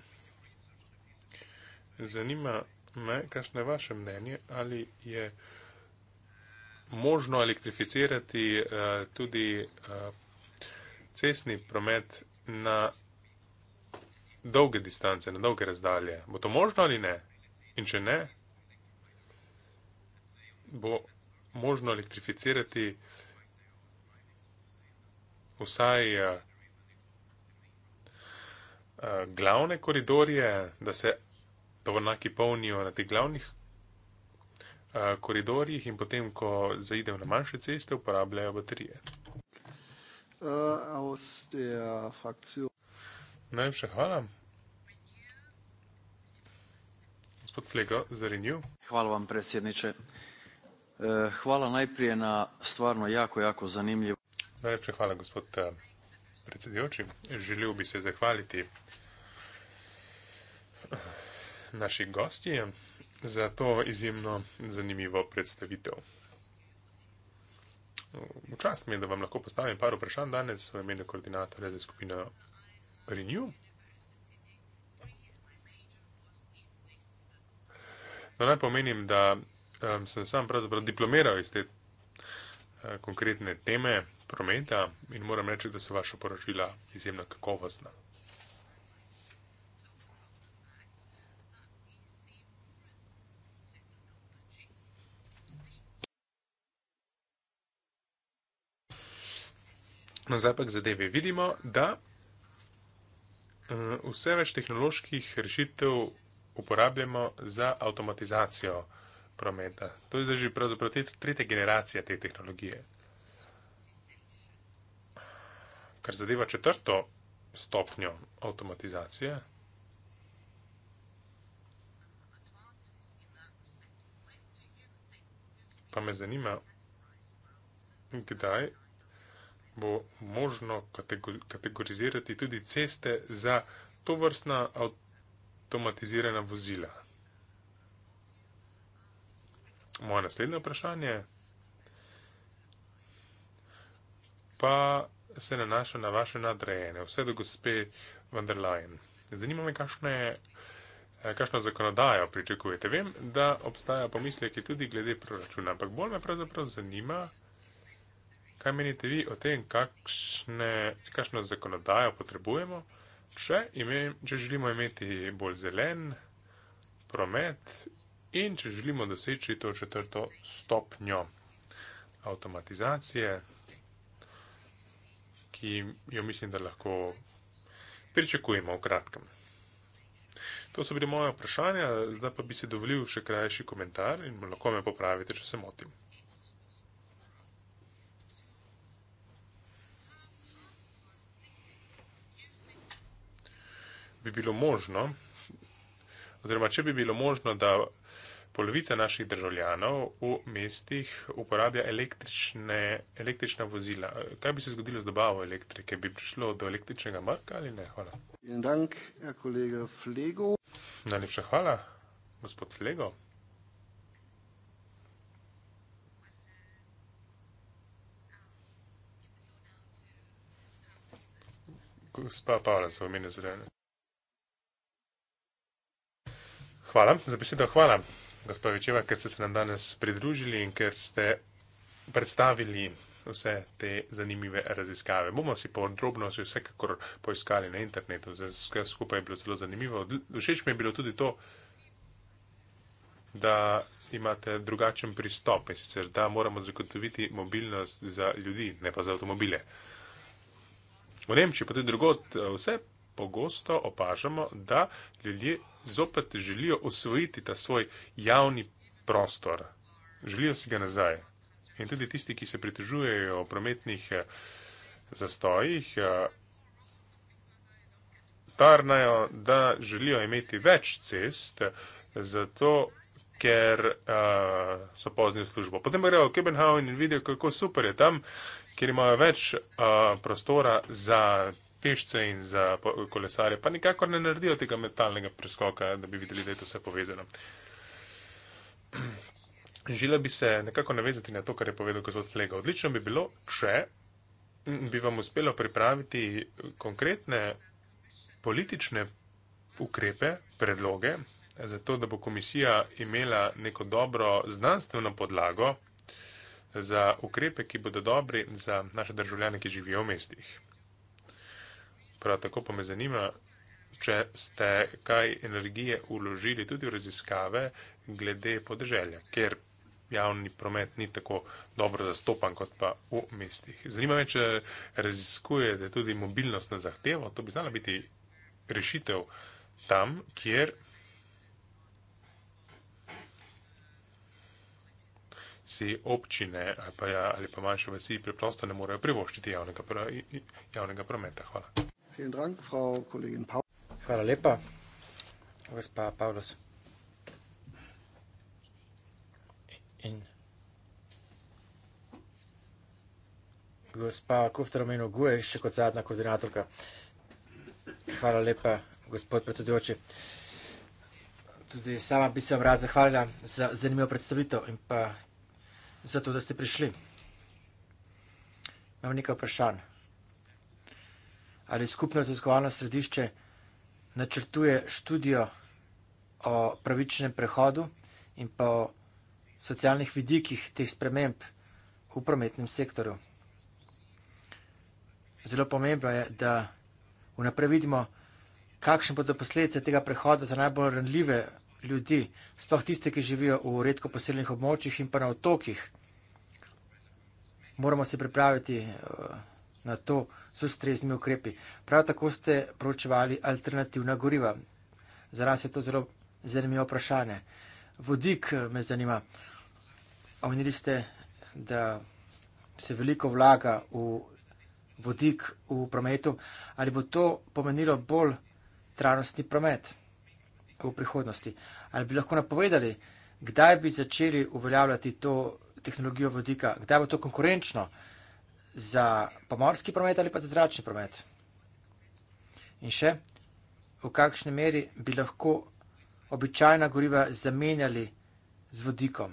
Zanima me, kakšno je vaše mnenje, ali je možno elektrificirati uh, tudi uh, cestni promet na dolge distance, na dolge razdalje. Bo to možno ali ne? In če ne, bo možno elektrificirati vsaj uh, uh, glavne koridorje, da se tovornjaki polnijo na teh glavnih uh, koridorjih in potem, ko zaidejo na manjše ceste, uporabljajo baterije. Uh, Najlepša hvala. Gospod Flego, zarenju. Hvala vam, predsjedniče. Uh, eh, hvala najprej na stvarno jako, jako zanimljivo. Najlepša hvala, gospod uh, predsedujoči. Želel bi se zahvaliti. Uh naši gostje za to izjemno zanimivo predstavitev. Včast mi je, da vam lahko postavim par vprašanj danes v imenu koordinatorja za skupino Renew. No, naj pomenim, da um, sem sam pravzaprav diplomiral iz te uh, konkretne teme prometa in moram reči, da so vaša poročila izjemno kakovostna. No, zdaj pa k zadevi vidimo, da eh, vse več tehnoloških rešitev uporabljamo za avtomatizacijo prometa. To je zdaj že pravzaprav tretja generacija te tehnologije. Kar zadeva četrto stopnjo avtomatizacije. Pa me zanima, kdaj bo možno kategorizirati tudi ceste za to vrstna avtomatizirana vozila. Moje naslednje vprašanje pa se nanaša na vaše nadrejene, vse do gospe van der Leyen. Zanima me, kakšno je. Eh, kakšno zakonodajo pričakujete? Vem, da obstajajo pomisleki tudi glede proračuna, ampak bolj me pravzaprav zanima, kaj menite vi o tem, kakšne, kakšno zakonodajo potrebujemo, če, ime, če želimo imeti bolj zelen promet in če želimo doseči to četrto stopnjo avtomatizacije, ki jo mislim, da lahko pričakujemo v kratkem. To so bile moje vprašanja, zdaj pa bi se dovolil še krajši komentar in lahko me popravite, če se motim. bi bilo možno, oziroma če bi bilo možno, da polovica naših državljanov v mestih uporablja električna vozila. Kaj bi se zgodilo z dobavo elektrike? Bi prišlo do električnega mrka ali ne? Hvala. Najlepša hvala, gospod Flego. Gospa Pavla se v meni zelo. Hvala za besedo. Hvala, gospod Večeva, ker ste se nam danes pridružili in ker ste predstavili vse te zanimive raziskave. Bomo si podrobno še vsekakor poiskali na internetu, vse skupaj je bilo zelo zanimivo. Všeč mi je bilo tudi to, da imate drugačen pristop in sicer, da moramo zagotoviti mobilnost za ljudi, ne pa za avtomobile. V Nemčiji pa tudi drugot vse pogosto opažamo, da ljudje zopet želijo osvojiti ta svoj javni prostor. Želijo si ga nazaj. In tudi tisti, ki se pritožujejo o prometnih eh, zastojih, eh, tarnajo, da želijo imeti več cest, eh, zato ker uh, so pozni v službo. Potem grejo v Kebenhavn in vidijo, kako super je tam, ker imajo več uh, prostora za pešce in za kolesare, pa nikakor ne naredijo tega metalnega preskoka, da bi videli, da je to vse povezano. Žila bi se nekako navezati na to, kar je povedal gospod Lega. Odlično bi bilo, če bi vam uspelo pripraviti konkretne politične ukrepe, predloge, zato da bo komisija imela neko dobro znanstveno podlago za ukrepe, ki bodo dobri za naše državljane, ki živijo v mestih. Prav tako pa me zanima, če ste kaj energije uložili tudi v raziskave glede podeželja, ker javni promet ni tako dobro zastopan kot pa v mestih. Zanima me, če raziskujete tudi mobilnost na zahtevo, to bi znala biti rešitev tam, kjer si občine ali pa, ja, ali pa manjše vasi preprosto ne morejo privoščiti javnega, javnega prometa. Hvala. Hvala lepa, gospa Pavlos. In gospa Kuftaromeno Guje, še kot zadnja koordinatorka. Hvala lepa, gospod predsedujoči. Tudi sama bi se vam rad zahvalila za zanimivo predstavitev in pa za to, da ste prišli. Imam nekaj vprašanj ali skupno raziskovalno središče načrtuje študijo o pravičnem prehodu in pa o socialnih vidikih teh sprememb v prometnem sektorju. Zelo pomembno je, da vnaprej vidimo, kakšne bodo posledice tega prehoda za najbolj ranljive ljudi, sploh tiste, ki živijo v redko poseljenih območjih in pa na otokih. Moramo se pripraviti eh, na to s ustreznimi ukrepi. Prav tako ste pročevali alternativna goriva. Zaraz je to zelo zanimivo vprašanje. Vodik eh, me zanima. Omenili ste, da se veliko vlaga v vodik v prometu. Ali bo to pomenilo bolj trajnostni promet v prihodnosti? Ali bi lahko napovedali, kdaj bi začeli uveljavljati to tehnologijo vodika? Kdaj bo to konkurenčno? za pomorski promet ali pa za zračni promet? In še, v kakšni meri bi lahko običajna goriva zamenjali z vodikom?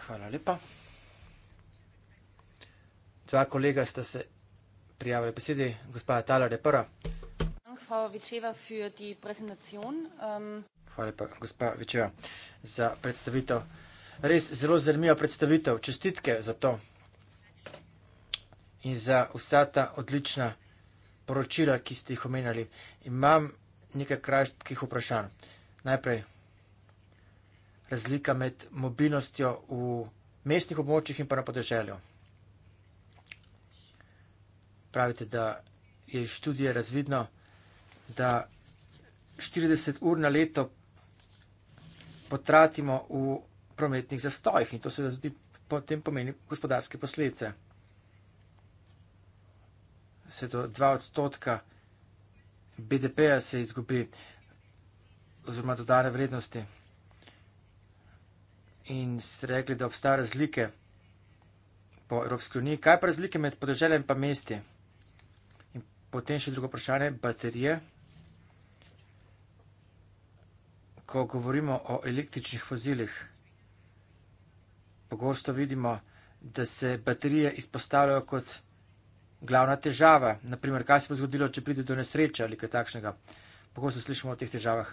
Hvala lepa. Dva kolega sta se prijavili besedi, gospa Talar je prva. Ähm, Hvala lepa, gospa Večeva, za predstavitev res zelo zanimiva predstavitev. Čestitke za to in za vsa ta odlična poročila, ki ste jih omenjali. Imam nekaj kratkih vprašanj. Najprej, razlika med mobilnostjo v mestnih območjih in pa na podeželju. Pravite, da je iz študije razvidno, da 40 ur na leto potratimo v prometnih zastojih in to seveda tudi potem pomeni gospodarske posledice. Se do 2 odstotka BDP-ja se izgubi oziroma dodane vrednosti in se rekli, da obstaja razlike po Evropski uniji. Kaj pa razlike med podeželjem pa mesti? In potem še drugo vprašanje, baterije. Ko govorimo o električnih vozilih, pogosto vidimo, da se baterije izpostavljajo kot glavna težava. Naprimer, kaj se bo zgodilo, če pride do nesreče ali kaj takšnega. Pogosto slišimo o teh težavah.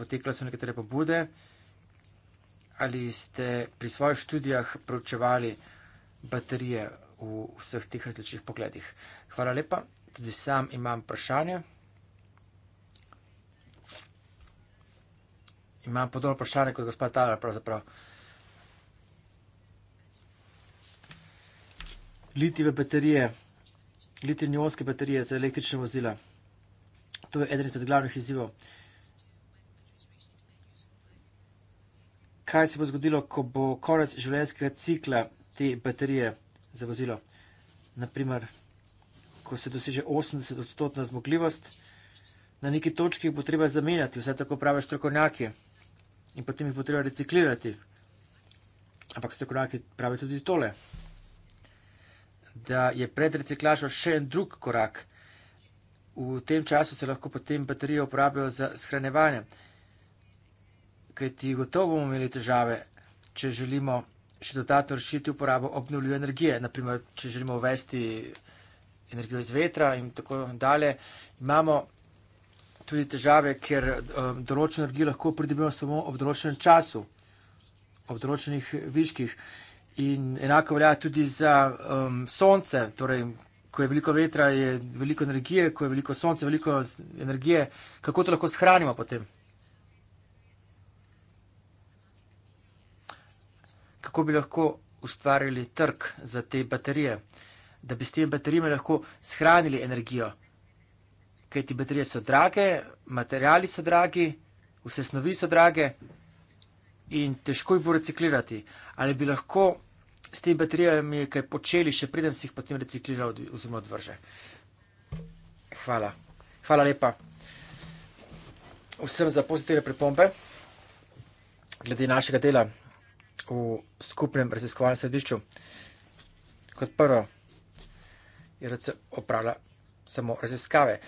Potekla so nekatere pobude. Ali ste pri svojih študijah pročevali baterije v vseh teh različnih pogledih? Hvala lepa. Tudi sam imam vprašanje. Imam podobno vprašanje kot gospod Taler, pravzaprav. Litijeve baterije, litijnionske baterije za električne vozila. To je eden izmed glavnih izzivov. Kaj se bo zgodilo, ko bo konec življenjskega cikla te baterije za vozilo? Naprimer, ko se doseže 80-odstotna zmogljivost, na neki točki bo treba zamenjati, vse tako pravijo strokovnjaki in potem jih bo treba reciklirati. Ampak strokovnjaki pravi tudi tole, da je pred reciklažo še en drug korak. V tem času se lahko potem baterije uporabijo za shranjevanje, kaj ti gotovo bomo imeli težave, če želimo še dodatno rešiti uporabo obnovljive energije, naprimer, če želimo uvesti energijo iz vetra in tako dalje. Imamo tudi težave, ker um, določeno energijo lahko pridobimo samo ob določenem času, ob določenih viških. In enako velja tudi za um, sonce, torej, ko je veliko vetra, je veliko energije, ko je veliko sonce, veliko energije, kako to lahko shranimo potem? Kako bi lahko ustvarili trg za te baterije, da bi s temi baterijami lahko shranili energijo? ker ti baterije so drage, materijali so dragi, vse snovi so drage in težko jih bo reciklirati. Ali bi lahko s temi baterijami kaj počeli, še preden si jih potem reciklira oziroma odvrže? Hvala. Hvala lepa vsem za pozitivne pripombe glede našega dela v skupnem raziskovalnem središču. Kot prvo, je RC opravila samo raziskave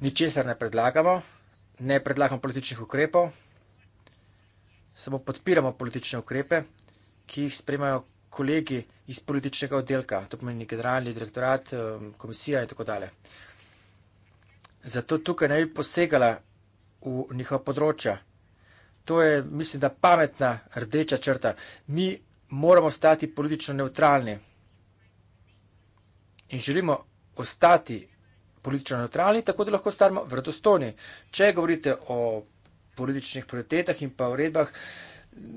ničesar ne predlagamo, ne predlagamo političnih ukrepov, samo podpiramo politične ukrepe, ki jih spremajo kolegi iz političnega oddelka, to pomeni generalni direktorat, um, komisija in tako dalje. Zato tukaj ne bi posegala v njihova področja. To je, mislim, da pametna rdeča črta. Mi moramo stati politično neutralni in želimo ostati politično neutralni, tako da lahko staramo vrtostoni. Če govorite o političnih prioritetah in pa uredbah,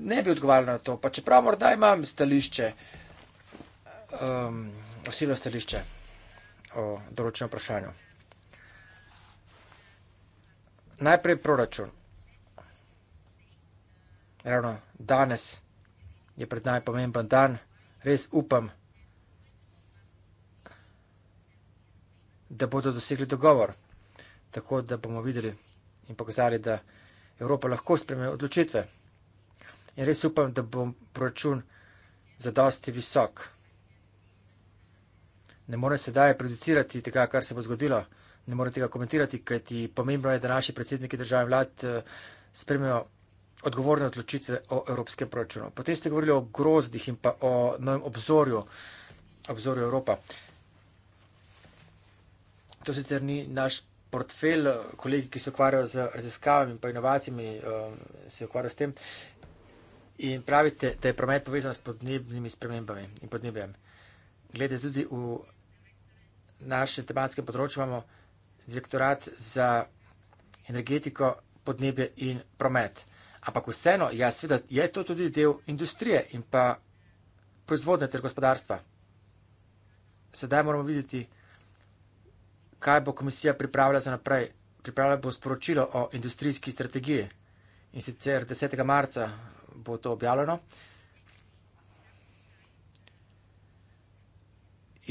ne bi odgovarjal na to, pa čeprav morda imam stališče, um, osebno stališče o določenem vprašanju. Najprej proračun. Ravno danes je pred najpomemben dan, res upam, da bodo dosegli dogovor. Tako da bomo videli in pokazali, da Evropa lahko spreme odločitve. In res upam, da bo proračun za dosti visok. Ne more sedaj producirati tega, kar se bo zgodilo, ne more tega komentirati, kajti pomembno je, da naši predsedniki držav in vlad eh, spremejo odgovorne odločitve o evropskem proračunu. Potem ste govorili o grozdih in pa o novem obzorju, obzorju Evropa. Uh, To sicer ni naš portfelj, eh, kolegi, ki se ukvarjajo z raziskavami in inovacijami, eh, se ukvarjajo s tem. In pravite, da je promet povezan s podnebnimi spremembami in podnebjem. Glede tudi v našem tematskem področju imamo direktorat za energetiko, podnebje in promet. Ampak vseeno, ja, sveda je to tudi del industrije in pa proizvodne ter gospodarstva. Sedaj moramo videti, kaj bo komisija pripravila za naprej. Pripravila bo sporočilo o industrijski strategiji in sicer 10. marca bo to objavljeno.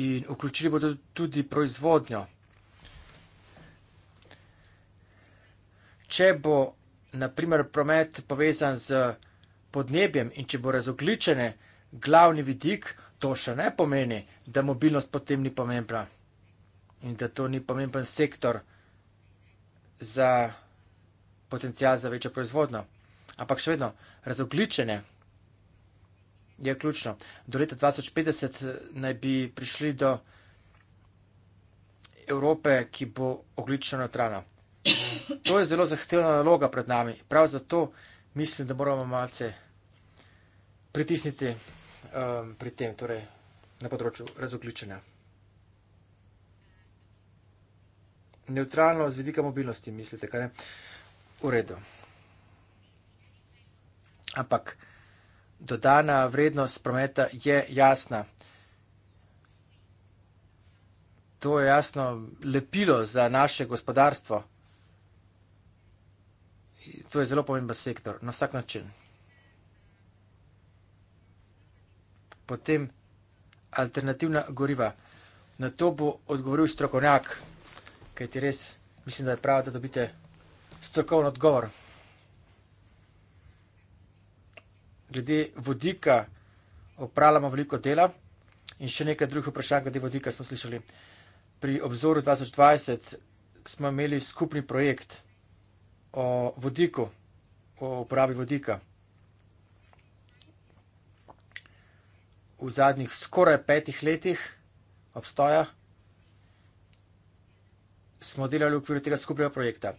In vključili bodo tudi proizvodnjo. Če bo naprimer promet povezan z podnebjem in če bo razogličene glavni vidik, to še ne pomeni, da mobilnost potem ni pomembna in da to ni pomemben sektor za potencijal za večjo proizvodno. Ampak še vedno, razogličene je ključno. Do leta 2050 eh, naj bi prišli do Evrope, ki bo oglično neutralna. To je zelo zahtevna naloga pred nami. Prav zato mislim, da moramo malce pritisniti um, pri tem, torej na področju razogličenja. Neutralno z vidika mobilnosti, mislite, kaj je v redu. Ampak dodana vrednost prometa je jasna. To je jasno lepilo za naše gospodarstvo. To je zelo pomemben sektor na vsak način. Potem alternativna goriva. Na to bo odgovoril strokovnjak kaj ti res mislim, da je prav, da dobite strokovno odgovor. Glede vodika opravljamo veliko dela in še nekaj drugih vprašanj glede vodika smo slišali. Pri obzoru 2020 smo imeli skupni projekt o vodiku, o uporabi vodika. V zadnjih skoraj petih letih obstoja smo delali v okviru tega skupnega projekta. Eh,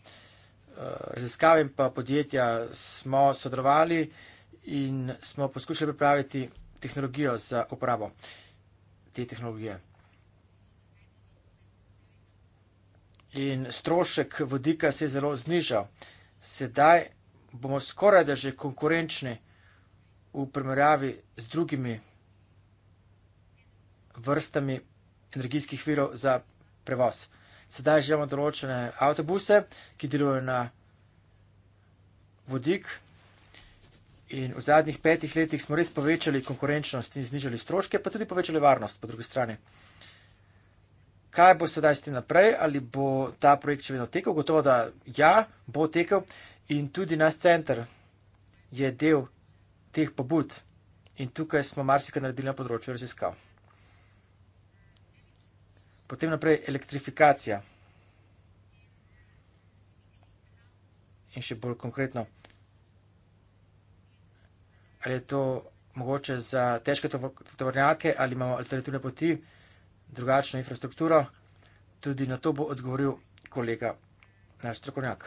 raziskave in pa podjetja smo sodelovali in smo poskušali pripraviti tehnologijo za uporabo te tehnologije. In strošek vodika se je zelo znižal. Sedaj bomo skoraj da že konkurenčni v primerjavi z drugimi vrstami energijskih virov za prevoz sedaj že imamo določene avtobuse, ki delujejo na vodik. In v zadnjih petih letih smo res povečali konkurenčnost in znižali stroške, pa tudi povečali varnost po drugi strani. Kaj bo sedaj s tem naprej, ali bo ta projekt še vedno tekel? Gotovo, da ja, bo tekel in tudi naš center je del teh pobud. In tukaj smo marsikaj naredili na področju raziskav. Potem naprej elektrifikacija. In še bolj konkretno, ali je to mogoče za težke tovornjake ali imamo alternativne poti, drugačno infrastrukturo. Tudi na to bo odgovoril kolega, naš strokovnjak.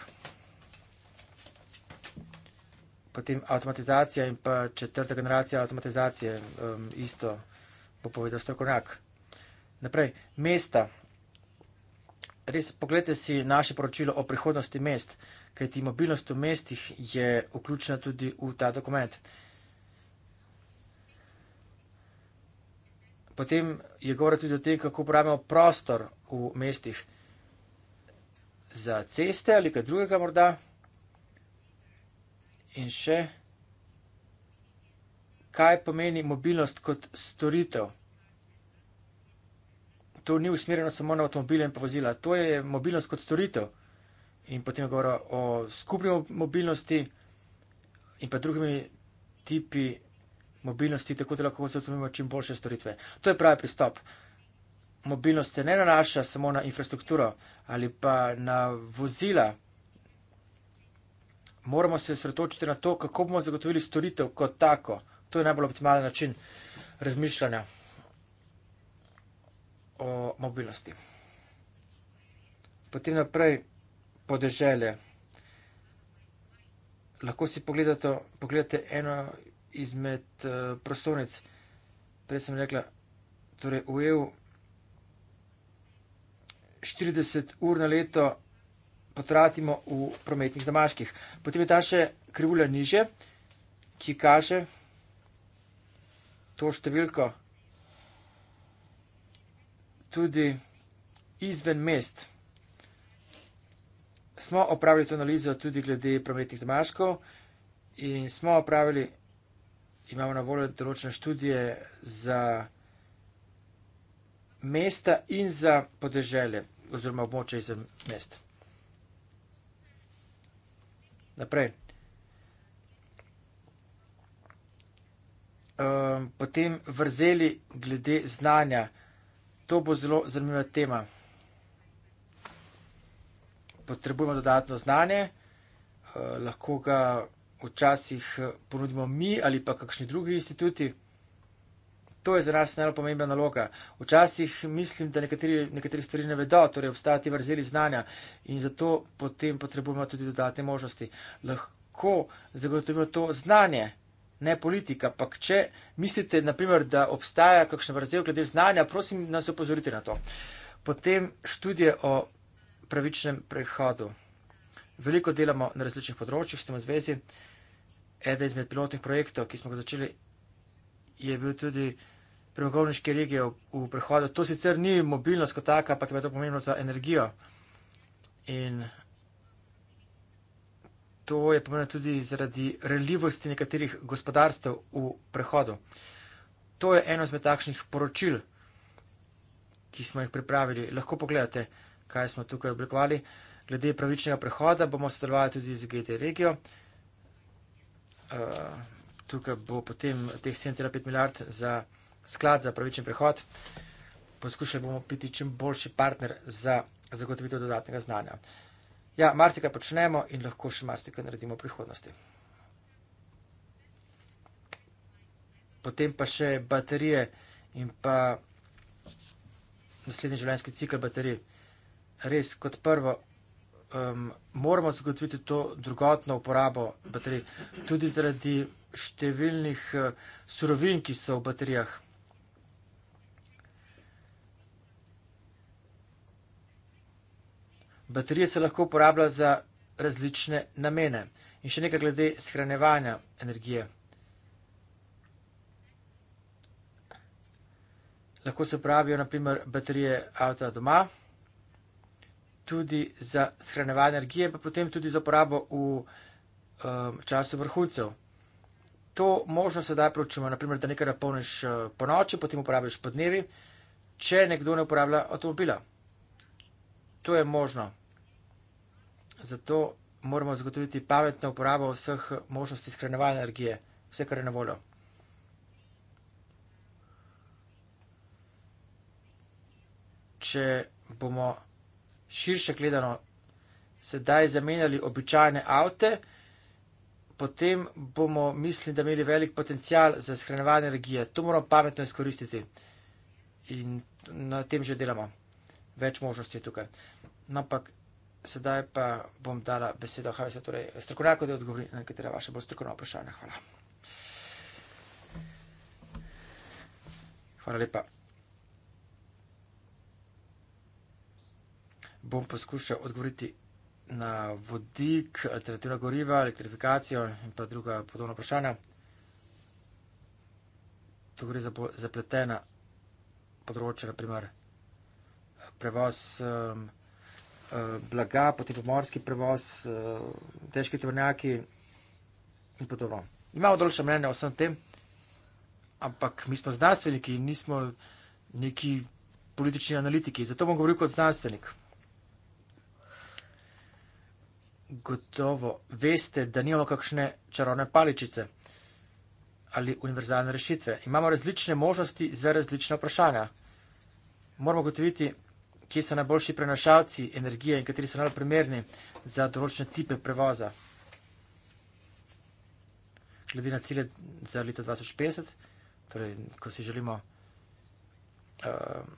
Potem avtomatizacija in pa četrta generacija avtomatizacije, um, isto bo povedal strokovnjak. Naprej, mesta. Res, pogledajte si naše poročilo o prihodnosti mest, kajti mobilnost v mestih je vključena tudi v ta dokument. Potem je govora tudi o tem, kako uporabljamo prostor v mestih za ceste ali kaj drugega morda. In še, kaj pomeni mobilnost kot storitev to ni usmerjeno samo na avtomobile in pa vozila, to je mobilnost kot storitev. In potem govorijo o skupni mobilnosti in pa drugimi tipi mobilnosti, tako da lahko vse odsumimo čim boljše storitve. To je pravi pristop. Mobilnost se ne nanaša samo na infrastrukturo ali pa na vozila. Moramo se sredotočiti na to, kako bomo zagotovili storitev kot tako. To je najbolj optimalen način razmišljanja o mobilnosti. Potem naprej podeželje. Lahko si pogledate, pogledate eno izmed uh, prostornic. Prej sem rekla, torej v EU 40 ur na leto potratimo v prometnih zamaških. Potem je ta še krivulja niže, ki kaže to številko tudi izven mest. Smo opravili to analizo tudi glede prometnih zmaškov in smo opravili, imamo na voljo določene študije za mesta in za podeželje oziroma območje izven mest. Naprej. Um, potem vrzeli glede znanja. To bo zelo zanimiva tema. Potrebujemo dodatno znanje, eh, lahko ga včasih eh, ponudimo mi ali pa kakšni drugi instituti. To je za nas najpomembnejša naloga. Včasih mislim, da nekateri, nekateri stvari ne vedo, torej obstajati vrzeli znanja in zato potem potrebujemo tudi dodatne možnosti. Lahko zagotovimo to znanje, ne politika. Ampak, če mislite, naprimer, da obstaja kakšna vrzel glede znanja, prosim, nas opozorite na to. Potem študije o pravičnem prehodu. Veliko delamo na različnih področjih, s tem v zvezi. Eden izmed pilotnih projektov, ki smo ga začeli, je bil tudi premogovniške regije v, v prehodu. To sicer ni mobilnost kot taka, ampak je to pomembno za energijo. In To je pomenilo tudi zaradi reljivosti nekaterih gospodarstev v prehodu. To je eno izmed takšnih poročil, ki smo jih pripravili. Lahko pogledate, kaj smo tukaj oblikovali. Glede pravičnega prehoda bomo sodelovali tudi z GT regijo. Uh, eh, tukaj bo potem teh 7,5 milijard za sklad za pravičen prehod. Poskušali bomo biti čim boljši partner za zagotovitev dodatnega znanja. Uh, Ja, marsikaj počnemo in lahko še marsikaj naredimo v prihodnosti. Potem pa še baterije in pa naslednji življenjski cikl baterij. Res, kot prvo, um, moramo zagotoviti to drugotno uporabo baterij, tudi zaradi številnih uh, surovin, ki so v baterijah. Baterije se lahko uporablja za različne namene. In še nekaj glede shranjevanja energije. Lahko se uporabijo naprimer baterije avta doma, tudi za shranjevanje energije, pa potem tudi za uporabo v um, času vrhuncev. To možnost sedaj pročimo, naprimer, da nekaj napolniš uh, po noči, potem uporabiš po dnevi, če nekdo ne uporablja avtomobila to je možno. Zato moramo zagotoviti pametno uporabo vseh možnosti skrenevanja energije, vse, kar je na voljo. Če bomo širše gledano sedaj zamenjali običajne avte, potem bomo mislili, da imeli velik potencial za skrenevanje energije. To moramo pametno izkoristiti in na tem že delamo več možnosti tukaj. No, ampak sedaj pa bom dala besedo Havisa, torej strokovnjaku, da odgovori na nekatera vaše bolj strokovna vprašanja. Hvala. Hvala lepa. Bom poskušal odgovoriti na vodik, alternativna goriva, elektrifikacijo in pa druga podobna vprašanja. To gre za bolj zapletena področja, naprimer prevoz um, uh, blaga, potem pomorski prevoz, uh, težki tovrnjaki in podobno. Imamo določene mnenje o vsem tem, ampak mi smo znanstveniki, nismo neki politični analitiki. Zato bom govoril kot znanstvenik. Gotovo veste, da nimamo kakšne čarovne paličice ali univerzalne rešitve. Imamo različne možnosti za različne vprašanja. Moramo gotoviti, kje so najboljši prenašalci energije in kateri so najbolj primerni za določene type prevoza. Glede na cilje za leto 2050, torej, ko si želimo uh,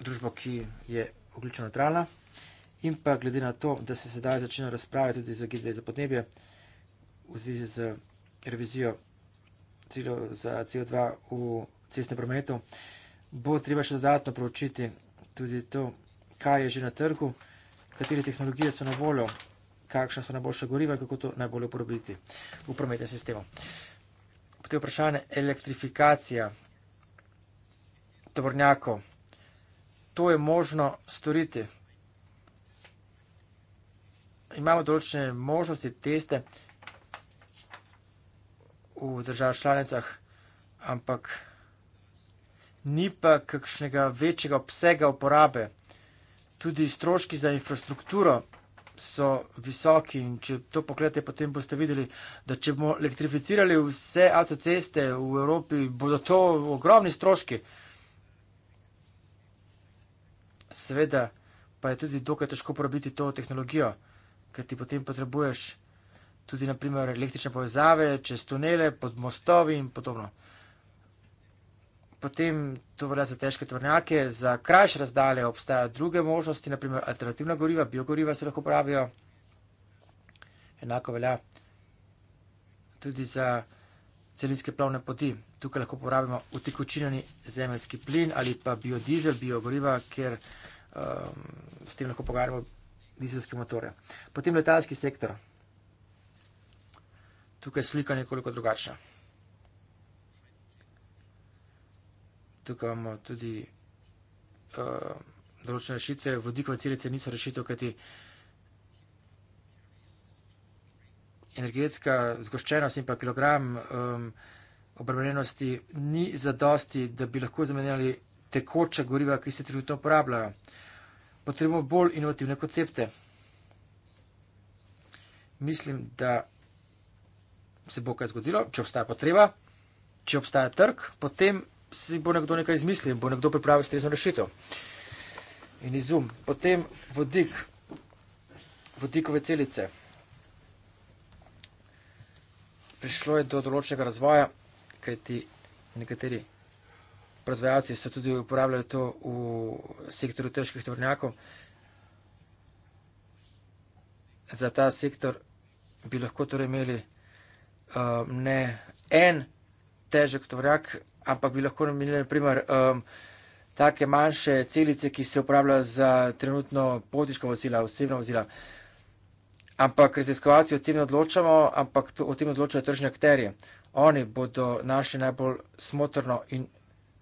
družbo, ki je oglično neutralna, in pa glede na to, da se sedaj začne razprave tudi za GDP za podnebje v zvezi z revizijo ciljev za CO2 v cestnem prometu, bo treba še dodatno proučiti tudi to, kaj je že na trgu, katere tehnologije so na voljo, kakšna so najboljša goriva in kako to najbolje uporabiti v prometnem sistemu. Potem vprašanje elektrifikacija tovornjakov. To je možno storiti. Imamo določene možnosti, teste v državah članicah, ampak ni pa kakšnega večjega obsega uporabe. Tudi stroški za infrastrukturo so visoki in če to pogledate, potem boste videli, da če bomo elektrificirali vse avtoceste v Evropi, bodo to ogromni stroški. Seveda pa je tudi dokaj težko uporabiti to tehnologijo, ker ti potem potrebuješ tudi naprimer električne povezave, čez tunele, pod mostovi in podobno. Potem to velja za težke tvornjake, za krajše razdalje obstajajo druge možnosti, naprimer alternativna goriva, biogoriva se lahko uporabijo. Enako velja tudi za celinske plavne poti. Tukaj lahko uporabimo utekočinjeni zemeljski plin ali pa biodizel, biogoriva, ker um, s tem lahko pogajamo dizelske motore. Potem letalski sektor. Tukaj slika nekoliko drugačna. tukaj imamo tudi uh, določene rešitve, vodikove celice niso rešitev, kajti energetska zgoščenost in pa kilogram um, obremenjenosti ni zadosti, da bi lahko zamenjali tekoča goriva, ki se trenutno uporabljajo. Potrebujemo bolj inovativne koncepte. Mislim, da se bo kaj zgodilo, če obstaja potreba, če obstaja trg, potem si bo nekdo nekaj izmislil in bo nekdo pripravil ustrezno rešitev. In izum. Potem vodik, vodikove celice. Prišlo je do določnega razvoja, kajti nekateri proizvajalci so tudi uporabljali to v sektorju težkih tovornjakov. Za ta sektor bi lahko torej imeli uh, ne en težek tovornjak, ampak bi lahko namenili naprimer um, take manjše celice, ki se uporabljajo za trenutno potiška vozila, osebna vozila. Ampak raziskovalci o tem odločamo, ampak to, o tem odločajo tržni akterje. Oni bodo našli najbolj smotrno in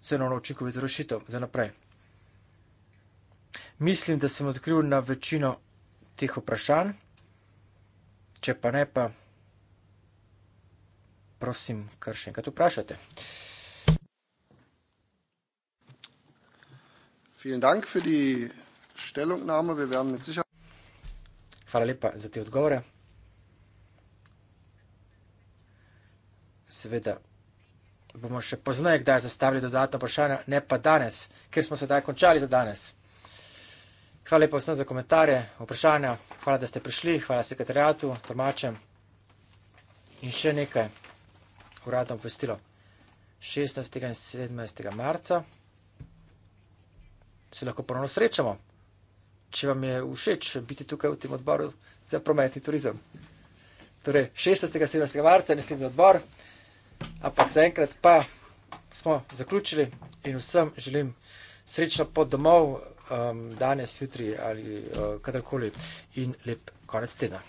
cenovno učinkovito rešitev za naprej. Mislim, da sem odkril na večino teh vprašanj, če pa ne, pa prosim, kar še enkrat vprašate. Vielen Dank für die Stellungnahme. Wir werden mit Sicherheit. Hvala lepa za te odgovore. Seveda bomo še poznali, kdaj zastavili dodatno vprašanje, ne pa danes, ker smo sedaj končali za danes. Hvala lepa vsem za komentarje, vprašanja, hvala, da ste prišli, hvala sekretarjatu, tomačem. In še nekaj uradno obvestilo. 16. in 17. marca se lahko ponovno srečamo, če vam je všeč biti tukaj v tem odboru za prometni turizem. Torej, 16. in 17. marca je naslednji odbor, ampak zaenkrat pa smo zaključili in vsem želim srečno pot domov, um, danes, jutri ali uh, kadarkoli in lep konec tedna.